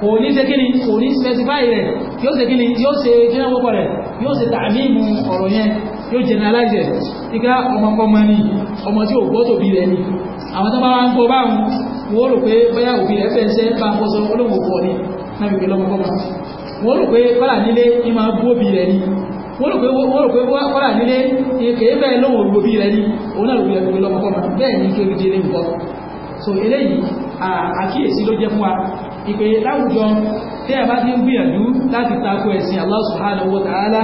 kò ní ṣe kíni kò ní specify rẹ̀ yóò ṣe kíni yóò ṣe kíni púpọ̀ rẹ̀ yóò ṣe tààmìmù ọ̀rọ̀ yẹn yóò generalize ẹ̀ nígbà ọmọkọ́mọ ni ọmọ tí ò gbọ́ tòbí rẹ̀ ni àwọn tó bá wá ń gbọ́ bá wọn wọ́n rò pé bóyá òbí rẹ̀ fẹ́ ṣe bá fọ́sọ olóhùn pọ̀ ni náà fi lọ́mọkọ́mọ wọ́n rò pé kọ́là nílé ní máa bú òbí rẹ̀ ni wọ́n rò pé kọ́là nílé kèé bẹ́ẹ̀ lóhùn òbí rẹ̀ ni òun náà rò pé lọ́mọkọ́mọ bẹ́ẹ̀ ni kí o jẹ́ lé nǹkan so eléyìí àkíyèsí ló jẹ́ fún wa ìpè láwùjọ tí a bá ti ń gbìyànjú láti tako ẹ̀sìn Allah subhanahu wa ta'ala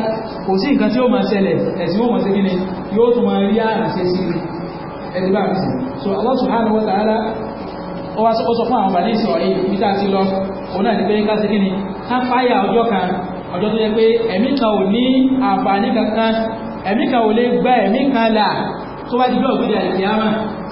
kò sí nǹkan tí ó máa ṣẹlẹ̀ ẹ̀sìn wọ́n máa ṣe gíní yóò tún máa rí àràṣẹ́ sí ẹ̀dùbà mi so Allah subhanahu wa ta'ala ó wá sọ fún àwọn bàdé ìsọ̀rí níta ti lọ òun náà ní pé ká ṣe gíní ká fáyà ọjọ́ kan ọjọ́ tó yẹ pé ẹ̀mí kan ò ní àǹfààní kankan ẹ̀mí kan ò lè gba ẹ̀mí kan là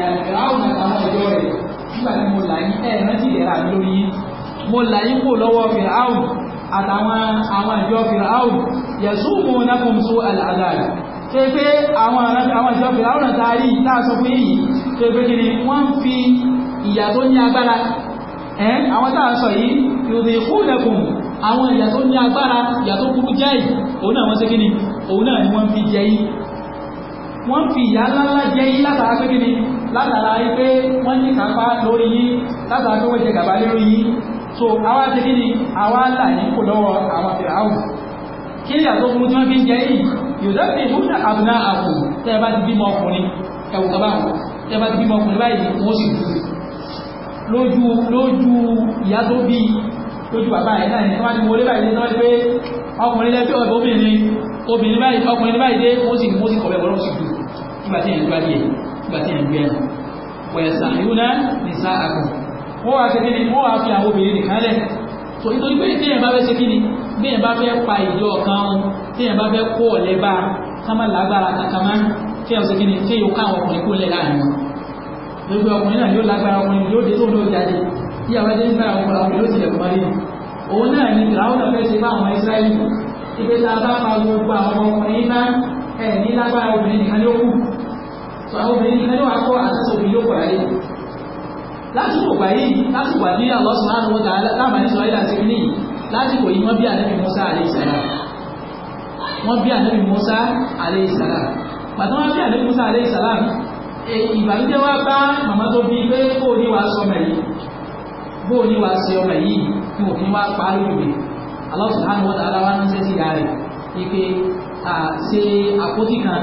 yàrá àwọn àtàwọn ẹjọ́ rẹ̀ nígbà tí mo là yín ẹ̀ rántí ìdẹ̀ra mi lórí yín mo là yín kò lọ́wọ́ fìràáùn àtàwọn àwọn ìjọ fìràáùn yẹ̀sù mú nákùn tó àlàáàlá tó pé àwọn ìjọ fìràáùn àtàrí láàsọ fún èyí tó pé kìí wọ́n fi ìyà tó ní agbára ẹn àwọn tàà sọ yìí yòrò ìkú lẹ́kùn àwọn ìyà tó ní agbára ìyà tó burú jẹ́ yìí òun ni òun ni wọ́n fi wọ́n fi ìyá ńláńlá jẹ yín látara pé kí ni látara pé wọ́n ní kápá lórí yín látara pé wọ́n jẹ gàba lórí yín so àwa ti kí ni àwa là ní kò lọ́wọ́ àwọn fìràwù kí ni àtọ́ fún tí wọ́n fi ń jẹ yìí yòdá fi húnà àbúná àpò tẹ́ ẹ bá ti bímọ ọkùnrin ẹ̀wù kaba tẹ́ ẹ bá ti bímọ ọkùnrin báyìí wọ́n sì dùn lójú lójú ìyá tó bí lójú bàbá ẹ̀ náà ní wọ́n ti wọlé báyìí ní lẹ́fẹ́ ọ̀dọ́ obìnrin obìnrin báyìí ọkùnrin báyìí dé wọ́n sì mú sí kọ̀ọ̀bẹ̀ wọ́n sì nígbà tí ẹ̀yìn gbáyé nígbà tí ẹ̀yìn gbẹ̀yìn wẹ̀sà ìhúná ní sáàkù wọ́n wá kékeré wọ́n wá fi àwọn obìnrin nìkan lẹ̀ so nítorí pé téèyàn bá fẹ́ ṣe kíni téèyàn bá fẹ́ pa ìjọ kan ohun téèyàn bá fẹ́ kó ọ̀lẹ́ bá kámá lágbára kankan máa téèyàn ṣe kíni téèyàn ká àwọn ọkùnrin kó lẹ̀ láàrin gbogbo ọkùnrin náà yóò lágbára ọkùnrin yóò dé tó lóò jáde bí àwọn ẹgbẹ́ nígbà ọkùnrin ọkùnrin yóò tilẹ̀ kọ́lé òun náà ni ìràwọ̀n náà fẹ́ ṣe fáwọn Ísírẹ́lì ìgbésà bá pa gbogbo àwọn ọkùnrin náà ẹ̀ ní lágbára obìnrin nìkan ló àwọn obìnrin kan ní wàá kọ́ àtúnṣe òbí yóò pọ̀ láyé láti Allah subhanahu wa ta'ala láàmà ní sọ́yìn àti kìíní yìí láti kò yí wọ́n bí Musa alayhi salam wọ́n Musa alayhi salam pàtó wọ́n bí ànábì Musa alayhi salam ìbànújẹ́ wá bá màmá tó bí pé kó ní wàá sọ ọmọ yìí Allah subhanahu wa ta'ala wá ń ṣe ìyá rẹ̀ ike àṣe àpótí kan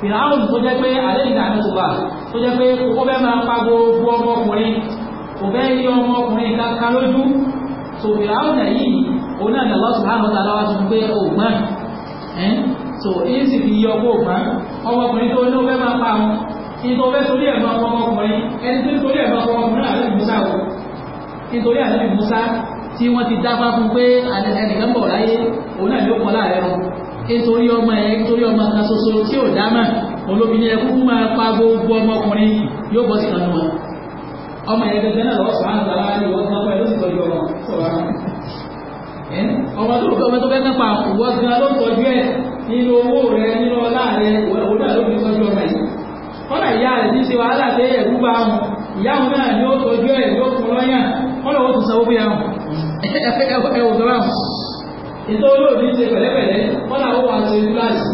fìràhùn tó jẹ́ pé alẹ́ ìlà àdúgbà tó jẹ́ pé kókó bẹ́ẹ̀ máa pa gbogbo ọmọkùnrin kò bẹ́ẹ̀ ní ọmọkùnrin kankan lójú so fìràhùn náà yìí òun náà Allah subhanahu wa ta'ala tún ògbọ́n so èyí sì fi yọ kó ògbọ́n ọmọkùnrin tó ní ó fẹ́ máa pa wọn nítorí fẹ́ torí ẹ̀gbọ́n ọmọkùnrin ẹni tó torí ẹ̀gbọ́n ọmọkùnrin àlẹ́ ìmúsá o nítorí àlẹ́ ìmúsá tí wọ́n ti dáfá fún pé ẹnìkan bọ̀ láyé òun náà ló kọ́ láàrẹ́ wọn nítorí ọmọ ẹ̀ nítorí ọmọ kan ṣoṣo tí ò dámà olóbìnrin ẹ kúkú máa pa gbogbo ọmọkùnrin yóò bọ́ sí kanú wọn ọmọ ẹ̀ gẹ́gẹ́ náà lọ́wọ́ sọ̀rọ̀ àgbà láàrin ìwọ́n kan pẹ̀lú ìtọ́jú ọmọ sọ̀rọ̀ ọmọ tó lùkọ́ ọmọ tó fẹ́ kápá ìwọ́ gan ló tọ́jú ẹ̀ nínú owó rẹ nínú ọlá rẹ òun náà ló fi tọ́jú ọmọ yìí kọ́nà ìyá rẹ̀ ti ṣe wàhálà pé ẹ̀rú bá wọn ìyá wọn náà ni ó ẹ̀ nítorí olóòbí ṣe pẹ̀lẹ́pẹ̀lẹ́ wọ́n náà ó wà ṣe gíláàsì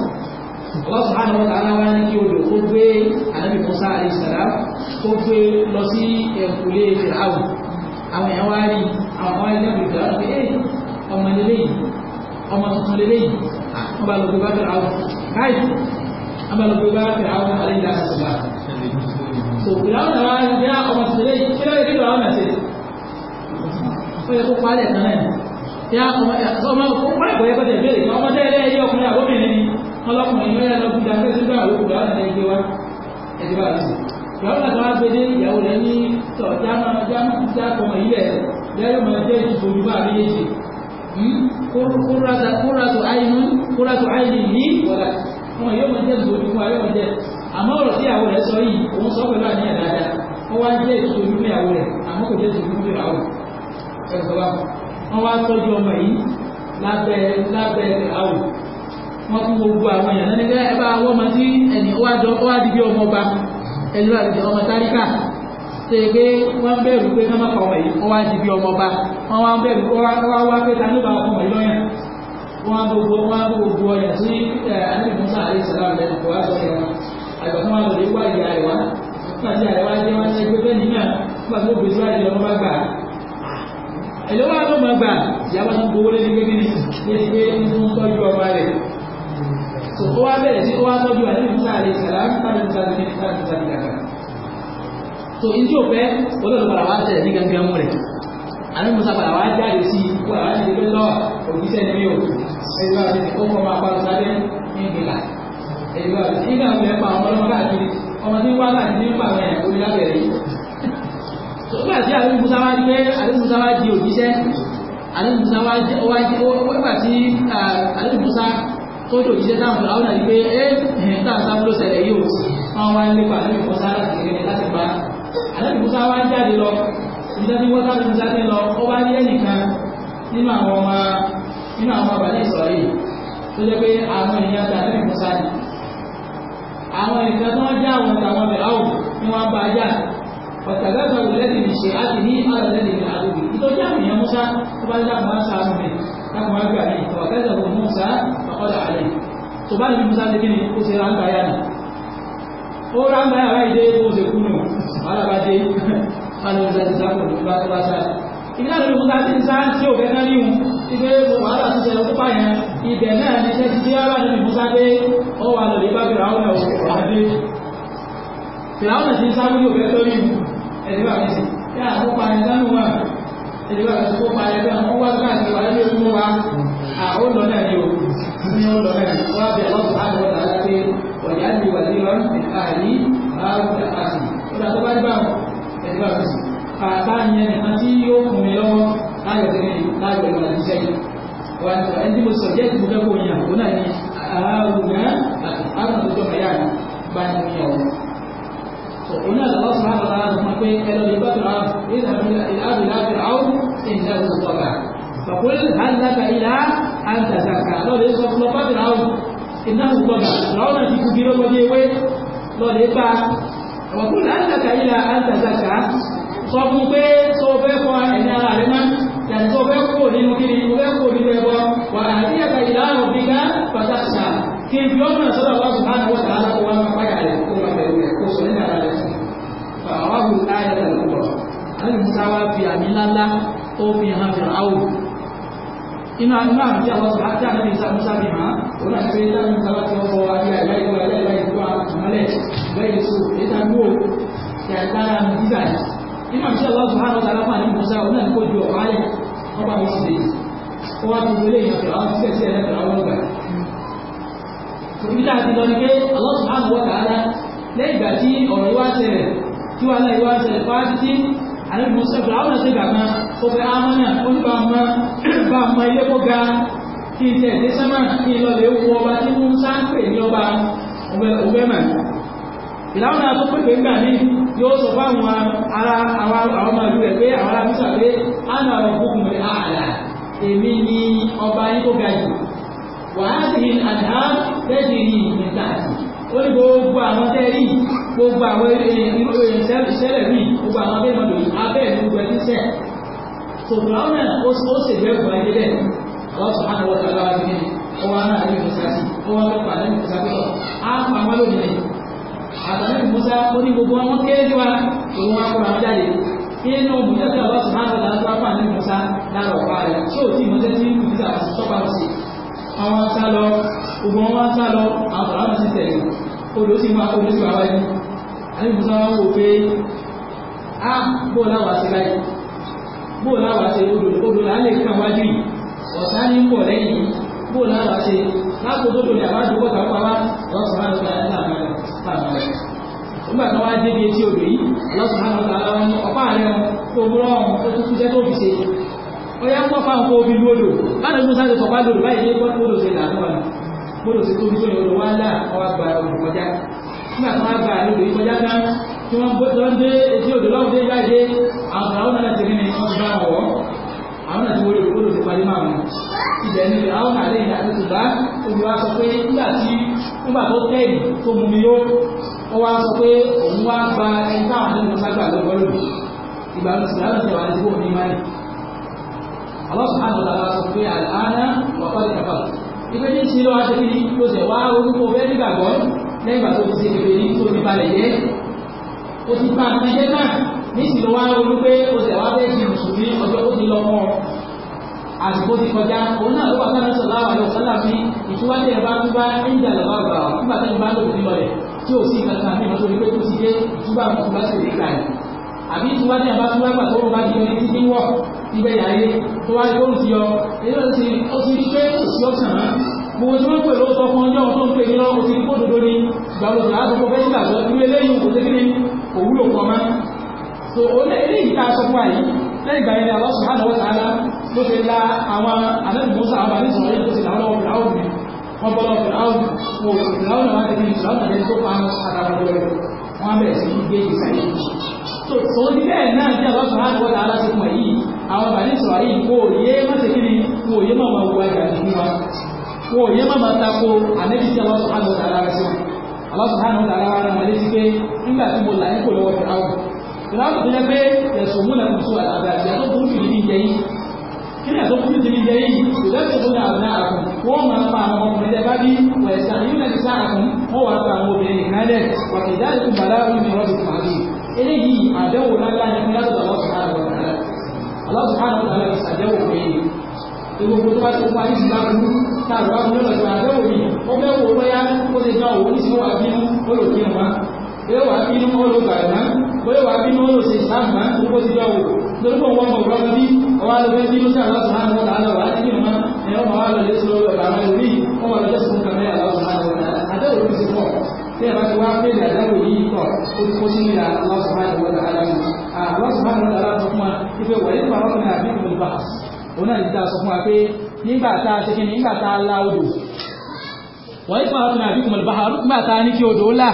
lọ́sùn àwọn ọ̀tà aláwá ní kí odò ó gbé ànábì Mùsá àrí ìsàlá ó gbé lọ sí ẹ̀kùlé fìràwù àwọn èèyàn wá rí àwọn ọmọ ẹgbẹ́ ìgbà pé ẹ ọmọ lélẹ́yìn ọmọ tuntun lélẹ́yìn wọ́n bá lọ gbé bá fìràwù káì wọ́n yá ọmọ ọmọ ọmọ ìgbọ̀ yẹn bẹ̀rẹ̀ ni ọlọ́kùnrin ló yẹ lọ gbúdá pé sígbà òkú rà ní ẹgbẹ́ wa ẹgbẹ́ wa lọ́sì ìyàwó náà tó wá gbé dé ìyàwó rẹ̀ ní tọ̀ dáná dáná dákọmọ ilẹ̀ lẹ́yìn ọmọ jẹ́ ìdìbò ìlú àríyèjì hmm? kóràtò àìní kóràtò àìní ní ìwọ̀lá ọmọ yóò mọ jẹ́ ìdìbò ìlú ayé ọjẹ́ àmọ́ ọ̀rọ̀ tí ìyàwó rẹ̀ sọ yìí òun sọ pẹ̀lú àníyàn dáadáa ó wá jẹ́ ìdìbò ìlú ìyàwó rẹ̀ àmọ́ kò jẹ́ ìdìbò ìlú ìyàwó rẹ̀ ẹ̀gbọ́n wọ́n wá tọ́jú ọmọ yìí lábẹ́ lábẹ́ àwò wọ́n tún gbogbo àwọn èèyàn lẹ́ni pé ẹ bá wọ́n mọ sí ẹni ó wá di bí ọmọ ọba ẹni wá di ọmọ táríkà ṣe pé wọ́n bẹ̀rù pé ká má pa ọmọ yìí ó wá di bí ọmọ ọba wọ́n wá bẹ̀rù wá wá pé ká ló bá ọmọ yìí lọ́yàn wọ́n gbogbo wọ́n gbogbo ọ̀yà sí anábìmọ́sá àlẹ́ ìsàlámù lẹ́nu kò wá sọ fún wọn àgbàkan wà lórí wá ìyá rẹ̀ wá nígbà tí àrẹ wá jẹ́ wá sẹ́gbẹ́ bẹ́ẹ̀ nígbà nígbà tó gbèsè wá ìjọba bá gbà á ẹ̀yọ́ wà ló máa gbà ìyàwó tó ń gbowó lé ní pé kíni yé ti pé tó ń tọ́jú ọba rẹ̀ tó tó wá bẹ̀rẹ̀ sí tó wá tọ́jú àlẹ́ ìfúnṣà àlẹ́ ìsàlá tábìlì tábìlì ní tábìlì tábìlì àgbà tó ní tí ò fẹ́ olóòtú padà wá tẹ̀lé ní gangan mú musa padà wá jáde sí ikú àwọn àti ìdílé lọ òbíṣẹ́ ní o ẹgbẹ́ àti ìkókò máa pa ọ̀sádé ní ìgbìlá ẹgbẹ́ àti ìgbà àwọn ọmọ tí wọ́n bá ní pàmò ẹ̀ orí nígbà tí àrí musa wá di pé àrí musa wá di òjíṣẹ́ àrí musa wá di ọwá di nígbà tí àrí musa tó di òjíṣẹ́ táwọn fúláwọ́ náà di pé ẹ ẹ̀hìn tá à ń sá ló ṣẹlẹ̀ yìí o wọn wá nípa àrí musa láti rẹ̀ láti bá àrí musa wá jáde lọ ìdájí wọ́n tábí jáde lọ ó wá ní ẹnìkan nínú àwọn ọmọ nínú àwọn àbálẹ̀ ìsọ̀rí tó jẹ́ pé àwọn èèyàn وتذكر الذي من شيعته على الذي من عدوه إتوجه يا موسى فبعد ذلك ما سعى منه كما ما يقع عليه وكذب موسى فقال عليه تبان من موسى لكن أسير عن بيانه أول عن بيانه رأي موسى كونه على بعد قال موسى تزاكم الله تبا سعى إذا لم يكن هذا الإنسان سيو بيانه إذا وعلى أسير وطبعا إذا نحن نتجيارا من موسى أو على لباب العون أو أحد فرعون ti ń sáré ló fẹ́ sórí ibù ẹ̀dùn àti ṣe ni, ẹ̀dánù wà ẹ̀dùn àti kópa ẹ̀dánù wọ́n wá káàkiri wà lórí ogún wa àwọn lọ náà yóò ní ó lọ náà wọ́n bẹ̀ ọ́ sùn àwọn ọ̀dà láti ọ̀yà ní wà ní lọ́rùn nípa àyí àrùn àti ọ̀dà tó bá dé báwọn ẹ̀dùn àti ṣe àtà yẹn nìkan tí yóò kùn mí lọ́wọ́ láyọ̀ tẹ́lẹ̀ láyọ̀ ìwà àti sẹ́yìn wà ẹni tí mo sọ jẹ́ ní àrùn ní ọ̀rọ̀ òun náà lọ́wọ́ sọ àwọn ará sọ pé ẹlọ́ ní bá fìrà ìlà ìlà fìrà ó sì ń dáhùn sọ́kà fàkúrẹ́ hàlàkà ìlà àǹtàkàkà lọ́dẹ sọ fún lọ́pàá fìrà ó ìdáhùn sọ́kà lọ́wọ́ ti kú bíró lọ́dẹ ewé lọ́dẹ pa fàkúrẹ́ hàlàkà ìlà àǹtàkàkà sọ fún pé tó fẹ́ kọ́ ẹ̀yìn ara rẹ̀ má yàtọ̀ tó fẹ́ kó nínú kiri tó fẹ́ kó nínú ẹ̀bọ wà á àdúgbò musa wá fi àmì ńláńlá tó fi hàn fi hàn áwò inú àmì náà tí àwọn sọ̀rọ̀ àti àmì musa musa fi hàn ó náà pé dáhùn musa láti ọkọ̀ adé àìláìkú àìláìkú àmọ́lẹ̀ bẹ́ẹ̀ so ètò àgbò ìyàgbára nígbà yìí inú àmì tí àwọn sọ̀rọ̀ àti àmì àmì musa ó náà kó ju ọ̀pá ayà ọba mi sì dé ó wá ti wọlé ìyàtọ̀ àwọn tí ẹ̀sì ẹ̀lẹ́ fẹ̀rẹ̀ àwọn ọgbà ìbílẹ̀ àti lọ ni pé Allah subhanahu wa ta'ala lẹ́yìn ìgbà tí ọ̀rọ̀ ìwá ṣẹlẹ̀ tí wàhálà ìwá àní mo sọ fìlà ọ̀nà sí ìgbà kan ó fẹ́ amọ́nà ó ní bá mọ ilé kó ga kí n tẹ̀ sẹ́mà kí n lọ ọba tí mo sá ń pè ní ọba òbẹ́mà ìlà ọ̀nà tó pèpè ń gbà ní yóò sọ fún àwọn ará àwọn ọmọ ìlú rẹ̀ pé àwọn ará mísà pé á nà ọ̀rọ̀ fún mi ààlà èmi ni ọba yín tó ga jù wàá gbogbo àwọn ìṣẹ̀lẹ̀ mi gbogbo àwọn abẹ́ ìmọ̀lẹ̀ abẹ́ ìgbogbo ẹni sẹ́ tòkùnláwọ̀ náà ó sì bẹ́ẹ̀ fún ayé bẹ́ẹ̀ àwọn sọ̀rọ̀ àwọn ọ̀tá lọ́wọ́ ti ní ọwọ́ náà ní ìmọ̀sáàsì ọwọ́ pẹ́pà ní ìmọ̀sáàsì á pa wọ́n lónìí àtàlẹ́ ìmọ̀sá ó ní gbogbo wọn kéré wa òun wá kó àwọn jáde inú mùtẹ́tẹ́ ọ̀rọ̀ sọ̀rọ̀ àwọn ọ̀tá lọ́wọ́ pa ní ìmọ̀sá lára ọ̀pá rẹ̀ tí ò tí ìmọ̀tẹ́ tí ń kùtà tọ́pa lọ sí àwọn sá lọ gbogbo wọn sá lọ àwọn ọ̀rọ̀ àwọn ti ẹni tó wá a pé ah, á bó láwà sí láì bụ láwà sí odòdó odòdó a lè kàn wájú yìí ọ̀sán ní pọ̀ lẹ́yìn yìí bó láwà sí lápò na dòdò àbá dòdò kan pa wá lọ́sùn á lọ́sùn ha lọ́sùn á lọ́sùn nígbà tó wá débi etí odò yìí lọ́sùn á lọ́sùn á lọ́sùn ọ̀pá rẹ̀ kó gbúrọ̀ ọ̀hún tó tún jẹ́ tó fi obi wa nígbà tó wọ́n gba àlejò yìí kọjá tán tí wọ́n gbọ́dọ̀ dé etí òdò lọ́wọ́ dé jáde àwọn àwọn náà ti rí ni wọ́n bá wọ̀ àwọn náà ti wọlé olódò ti parí máa wọn ibẹ̀ ni àwọn àlẹ́ yìí àti tùbá omi wa sọ pé nígbà tí nígbà tó tẹ́ẹ̀lì tó mú mi yó ó wá sọ pé òun wá gba ẹni táwọn àlejò náà gbà lọ́wọ́ lòdì ìgbà tó sì láwọn ìṣẹ̀wà àti bóun ní ní Allah subhanahu wa ta'ala sọ pé àlàáná wà pàdé kàfà ìgbẹ́ ní sí lọ́wọ́ ṣe kí ni ló ṣẹ̀ wá orúkọ bẹ́ẹ̀ nígbàgbọ́ lẹ́yìn tó ti ṣe kékeré tó ti balẹ̀ jẹ́ ó ti bá nǹkan jẹ́ náà níṣì ló wá ronú pé o tẹ̀ wá bẹ́ẹ̀ di mùsùlùmí ọjọ́ ó ti lọ mọ́ àsìkò ti kọjá òun náà ló wà sáà sọ láwà lọ sọlá mi ìtúwádìí ẹ bá ń jà lọ́wọ́ àgbà nígbà tó ń bá lòdì lọlẹ̀ tí ò sí kankan mi lọ́sọ̀ wípé tó ti dé ìtúbà tó bá sì rí gbà yìí àbí ìtúwádìí ẹ bá bá tó bá di ẹni títí wọ̀ ibẹ̀ yàrá tó wá lóhùn ti yọ èyí ló ti rí pé kò sí ọ̀sán gbogbo tí wọ́n pè ló sọ fún ọjọ́ tó ń pè ní lọ́wọ́ sí kó dodo ni gbàlódé àtọ́kọ́ fẹ́ nígbà tó irú eléyìí kò tẹ́kí ni òwúlò pọ̀ mọ́ so eléyìí tá a sọ fún àyè lẹ́yìn ìgbà yẹn Allah subhanahu wa ta'ala ló ti la àwọn àdẹ́gbòsà àwọn àdẹ́sọ̀ yẹn tó ti là lọ́wọ́ fìlà òbí wọ́n bọ́ lọ́wọ́ fìlà òbí wọ́n fìlà òbí wọn ti fi fìlà òbí tó pa àdàbọ̀ rẹ̀ wọ́n bẹ̀rẹ̀ sí gbé ìsàlẹ̀ so tòun ti bẹ́ẹ̀ náà tí Allah subhanahu wa ta'ala ti mọ̀ yìí àwọn àdẹ́sọ̀ yìí kò yé má ti kí ni kò yé má ma wọ àgbà nínú wa wọn ò yẹ má máa tako ànẹ́bí tí Allah subhanahu wa ta'ala sí wọn Allah subhanahu wa ta'ala rán wọn létí pé nígbà tí mo là ń kò lọ́wọ́ fìràwọ̀ fìràwọ̀ tó jẹ́ pé ẹ̀sùn múlẹ̀ kò sọ àgbà àti àtọ́ tó ń fi níbi jẹ kí ni àtọ́ tó ń fi níbi jẹ yìí kò lẹ́sọ̀ ní àbúrò àkùn wọ́n máa pa àwọn ọkùnrin tẹ́ bá bí wẹ̀sà nílẹ̀ ti sáà kún wọ́n wà pa àwọn obìnrin ìkálẹ̀ wàtí ìdáàbò bàlá orí mi rọ́bì fún àbí eléyìí àdẹ́wò ńlá ni fún yàtọ̀ Allah subhanahu wa ta'ala gbogbo tó bá tó fún ayé ìgbà burú táàbù wá fún lọ́sọ̀rọ̀ àdéhùn yìí ó bẹ́ẹ̀ wò bóyá ó lè dán òun nísìnyí wà bínú ó lò kí wọn bóyá wà bínú ó lò gbàgbà má bóyá wà bínú ó lò sí sáàmù má gbogbo ti dán wò lórí fún wọn bọ̀rọ̀ bí ọwọ́ alẹ́ bínú sí àwọn sọ̀rọ̀ àwọn ọ̀dà wà á ti bínú má ẹ̀ wọ́n wà lọ lẹ́sọ̀ ọ̀dà àwọn ìlú yìí wọ́n wà lọ lẹ́sọ̀ fún kàmẹ́ àwọn àdéhùn ti pọ̀ òun náà lè dá sọ fún wa ni nígbà tá a la odò wọ́n yìí fún àwọn ọmọ àbíkùn mọ̀lùbáhà nígbà tá a ní kí odò là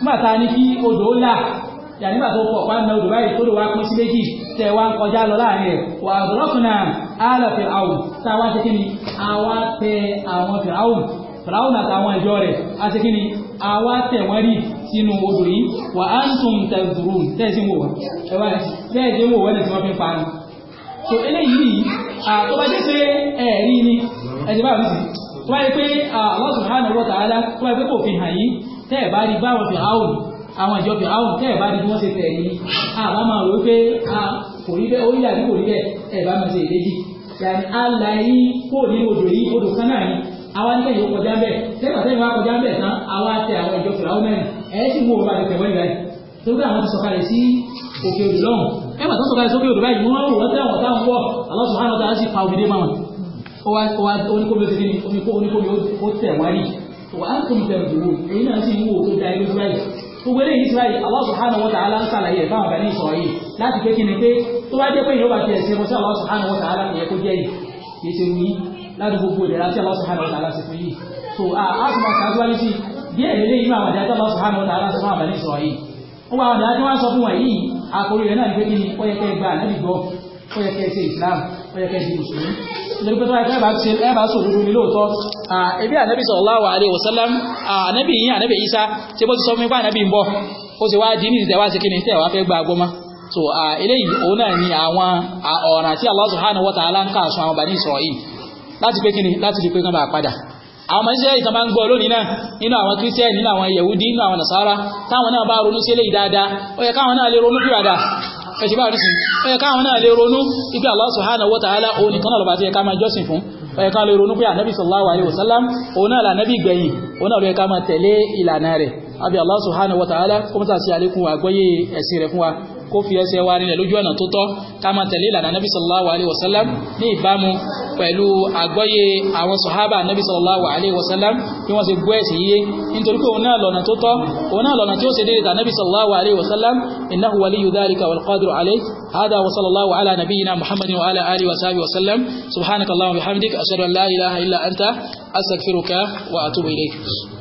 nígbà tá a ní kí odò là yà nígbà tó pọ̀ ni àwa tẹ àwọn fẹ̀ àwùn fìràwọn àtàwọn ni àwa tẹ̀ wọ́n rí sínú odò yìí wà á ń tún tẹ̀ dùrù tẹ̀ sí wò wọ́n ẹ̀ wọ́n fi ń pa tó eléyìí tó bá jẹ́ pé ẹ̀rí ni ẹ̀sìn bá wùsì tó bá yẹ pé Allah subhanahu wa ta'ala tó bá yẹ pé kò fi hàn yìí tẹ́ ẹ̀ bá rí báwọn fi hàn òní àwọn ìjọ fi hàn òní tẹ́ ẹ̀ bá rí bí wọ́n ṣe tẹ̀ yìí àbá máa rò pé kò rí bẹ́ẹ̀ orí àbí kò rí bẹ́ẹ̀ ẹ̀ bá máa ṣe ìlédì yàrá aláyí kò ní odò yìí odò kan náà ni àwa ní ẹ̀yìn kọjá bẹ́ẹ̀ lẹ́gbàá tẹ́yìn wá kọjá bẹ́ẹ̀ tán àwa tẹ àwọn ìjọ fìlà ọmọ ẹ̀ ẹ̀ sì mú òun bá ti tẹ̀wọ́ ìgbà yìí torí ẹgbà tó sọ̀rọ̀ sókè òdòdó báyìí wọ́n wọ́n tẹ́wọ̀n tá wọ́ Allah subhanahu wa ta'ala sì pa òbídé máa ó wá ó wá oníkóbi ti ní oníkó oníkóbi ó tẹ̀ wá rí wà á tó ń tẹ̀ òdòdó èyí náà sì ń wò ó da ilé báyìí gbogbo eléyìí sí Allah subhanahu wa ta'ala ń sàlàyé ẹ̀ fáwọn bàní ìsọ̀rọ̀ yìí láti pé kí ni pé tó bá jẹ́ pé ìyóò bá ti ẹ̀sìn Allah subhanahu wa ta'ala ìyẹn kó jẹ́ yìí kì í ṣe wí láti gbogbo ìdẹ̀ra Allah subhanahu wa Allah subhanahu wa ta'ala sí àkórí rẹ̀ náà ní pé kí ni ó yẹ kẹ́ ẹ gba ànábì gbọ́ ó ṣe islam ó yẹ kẹ́ ẹ di mùsùlùmí nítorí pé tó bá ṣe ẹ bá sòrò ní lóòótọ́ ebi ànábì sallallahu alaihi wasallam ànábì yín ànábì Ìsá ṣe bó ti sọ fún mi pé ànábì ń bọ̀ ó sì wá ní ìtẹ̀wá sí kíni tẹ̀wá fẹ́ gba so eléyìí òun náà ni àwọn ọ̀ràn tí Allah subhanahu wa ta'ala ń Bani Isra'il láti pé kíni láti rí àwọn ọmọ israẹli tán bá ń gbọ́ lónìí náà nínú àwọn kírísítẹ́nì nínú àwọn yahudi nínú àwọn nasara táwọn náà bá ronú sí eléyìí dáadáa ó yẹ káwọn náà lè ronú pìràdà ẹ̀sìn bá rí sí ó yẹ káwọn náà lè ronú ipe Allah subhanahu wa ta'ala òun nìkan náà lọ́ba tí ẹ ká máa jọ́sìn fún ó yẹ káwọn lè ronú pé ànábì sallallahu alaihi wasallam òun náà là nábì gbẹ̀yìn òun náà ló yẹ kó fi ẹsẹ̀ wa rinlẹ̀ lójú ọ̀nà tó tọ́ ká máa tẹ̀lé ìlànà nabi sallallahu alayhi wa sallam ní ìbámu pẹ̀lú àgbọ́yé àwọn sọ̀hábà nabi sallallahu alayhi wa sallam bí wọ́n ṣe gbọ́ ẹ̀sìn yíyé nítorí pé òun náà lọ́nà tó tọ́ òun náà lọ́nà tí ó ṣe déédéé ta nabi sallallahu alayhi wa sallam innahu waliyu dhalika wal qadiru alayhi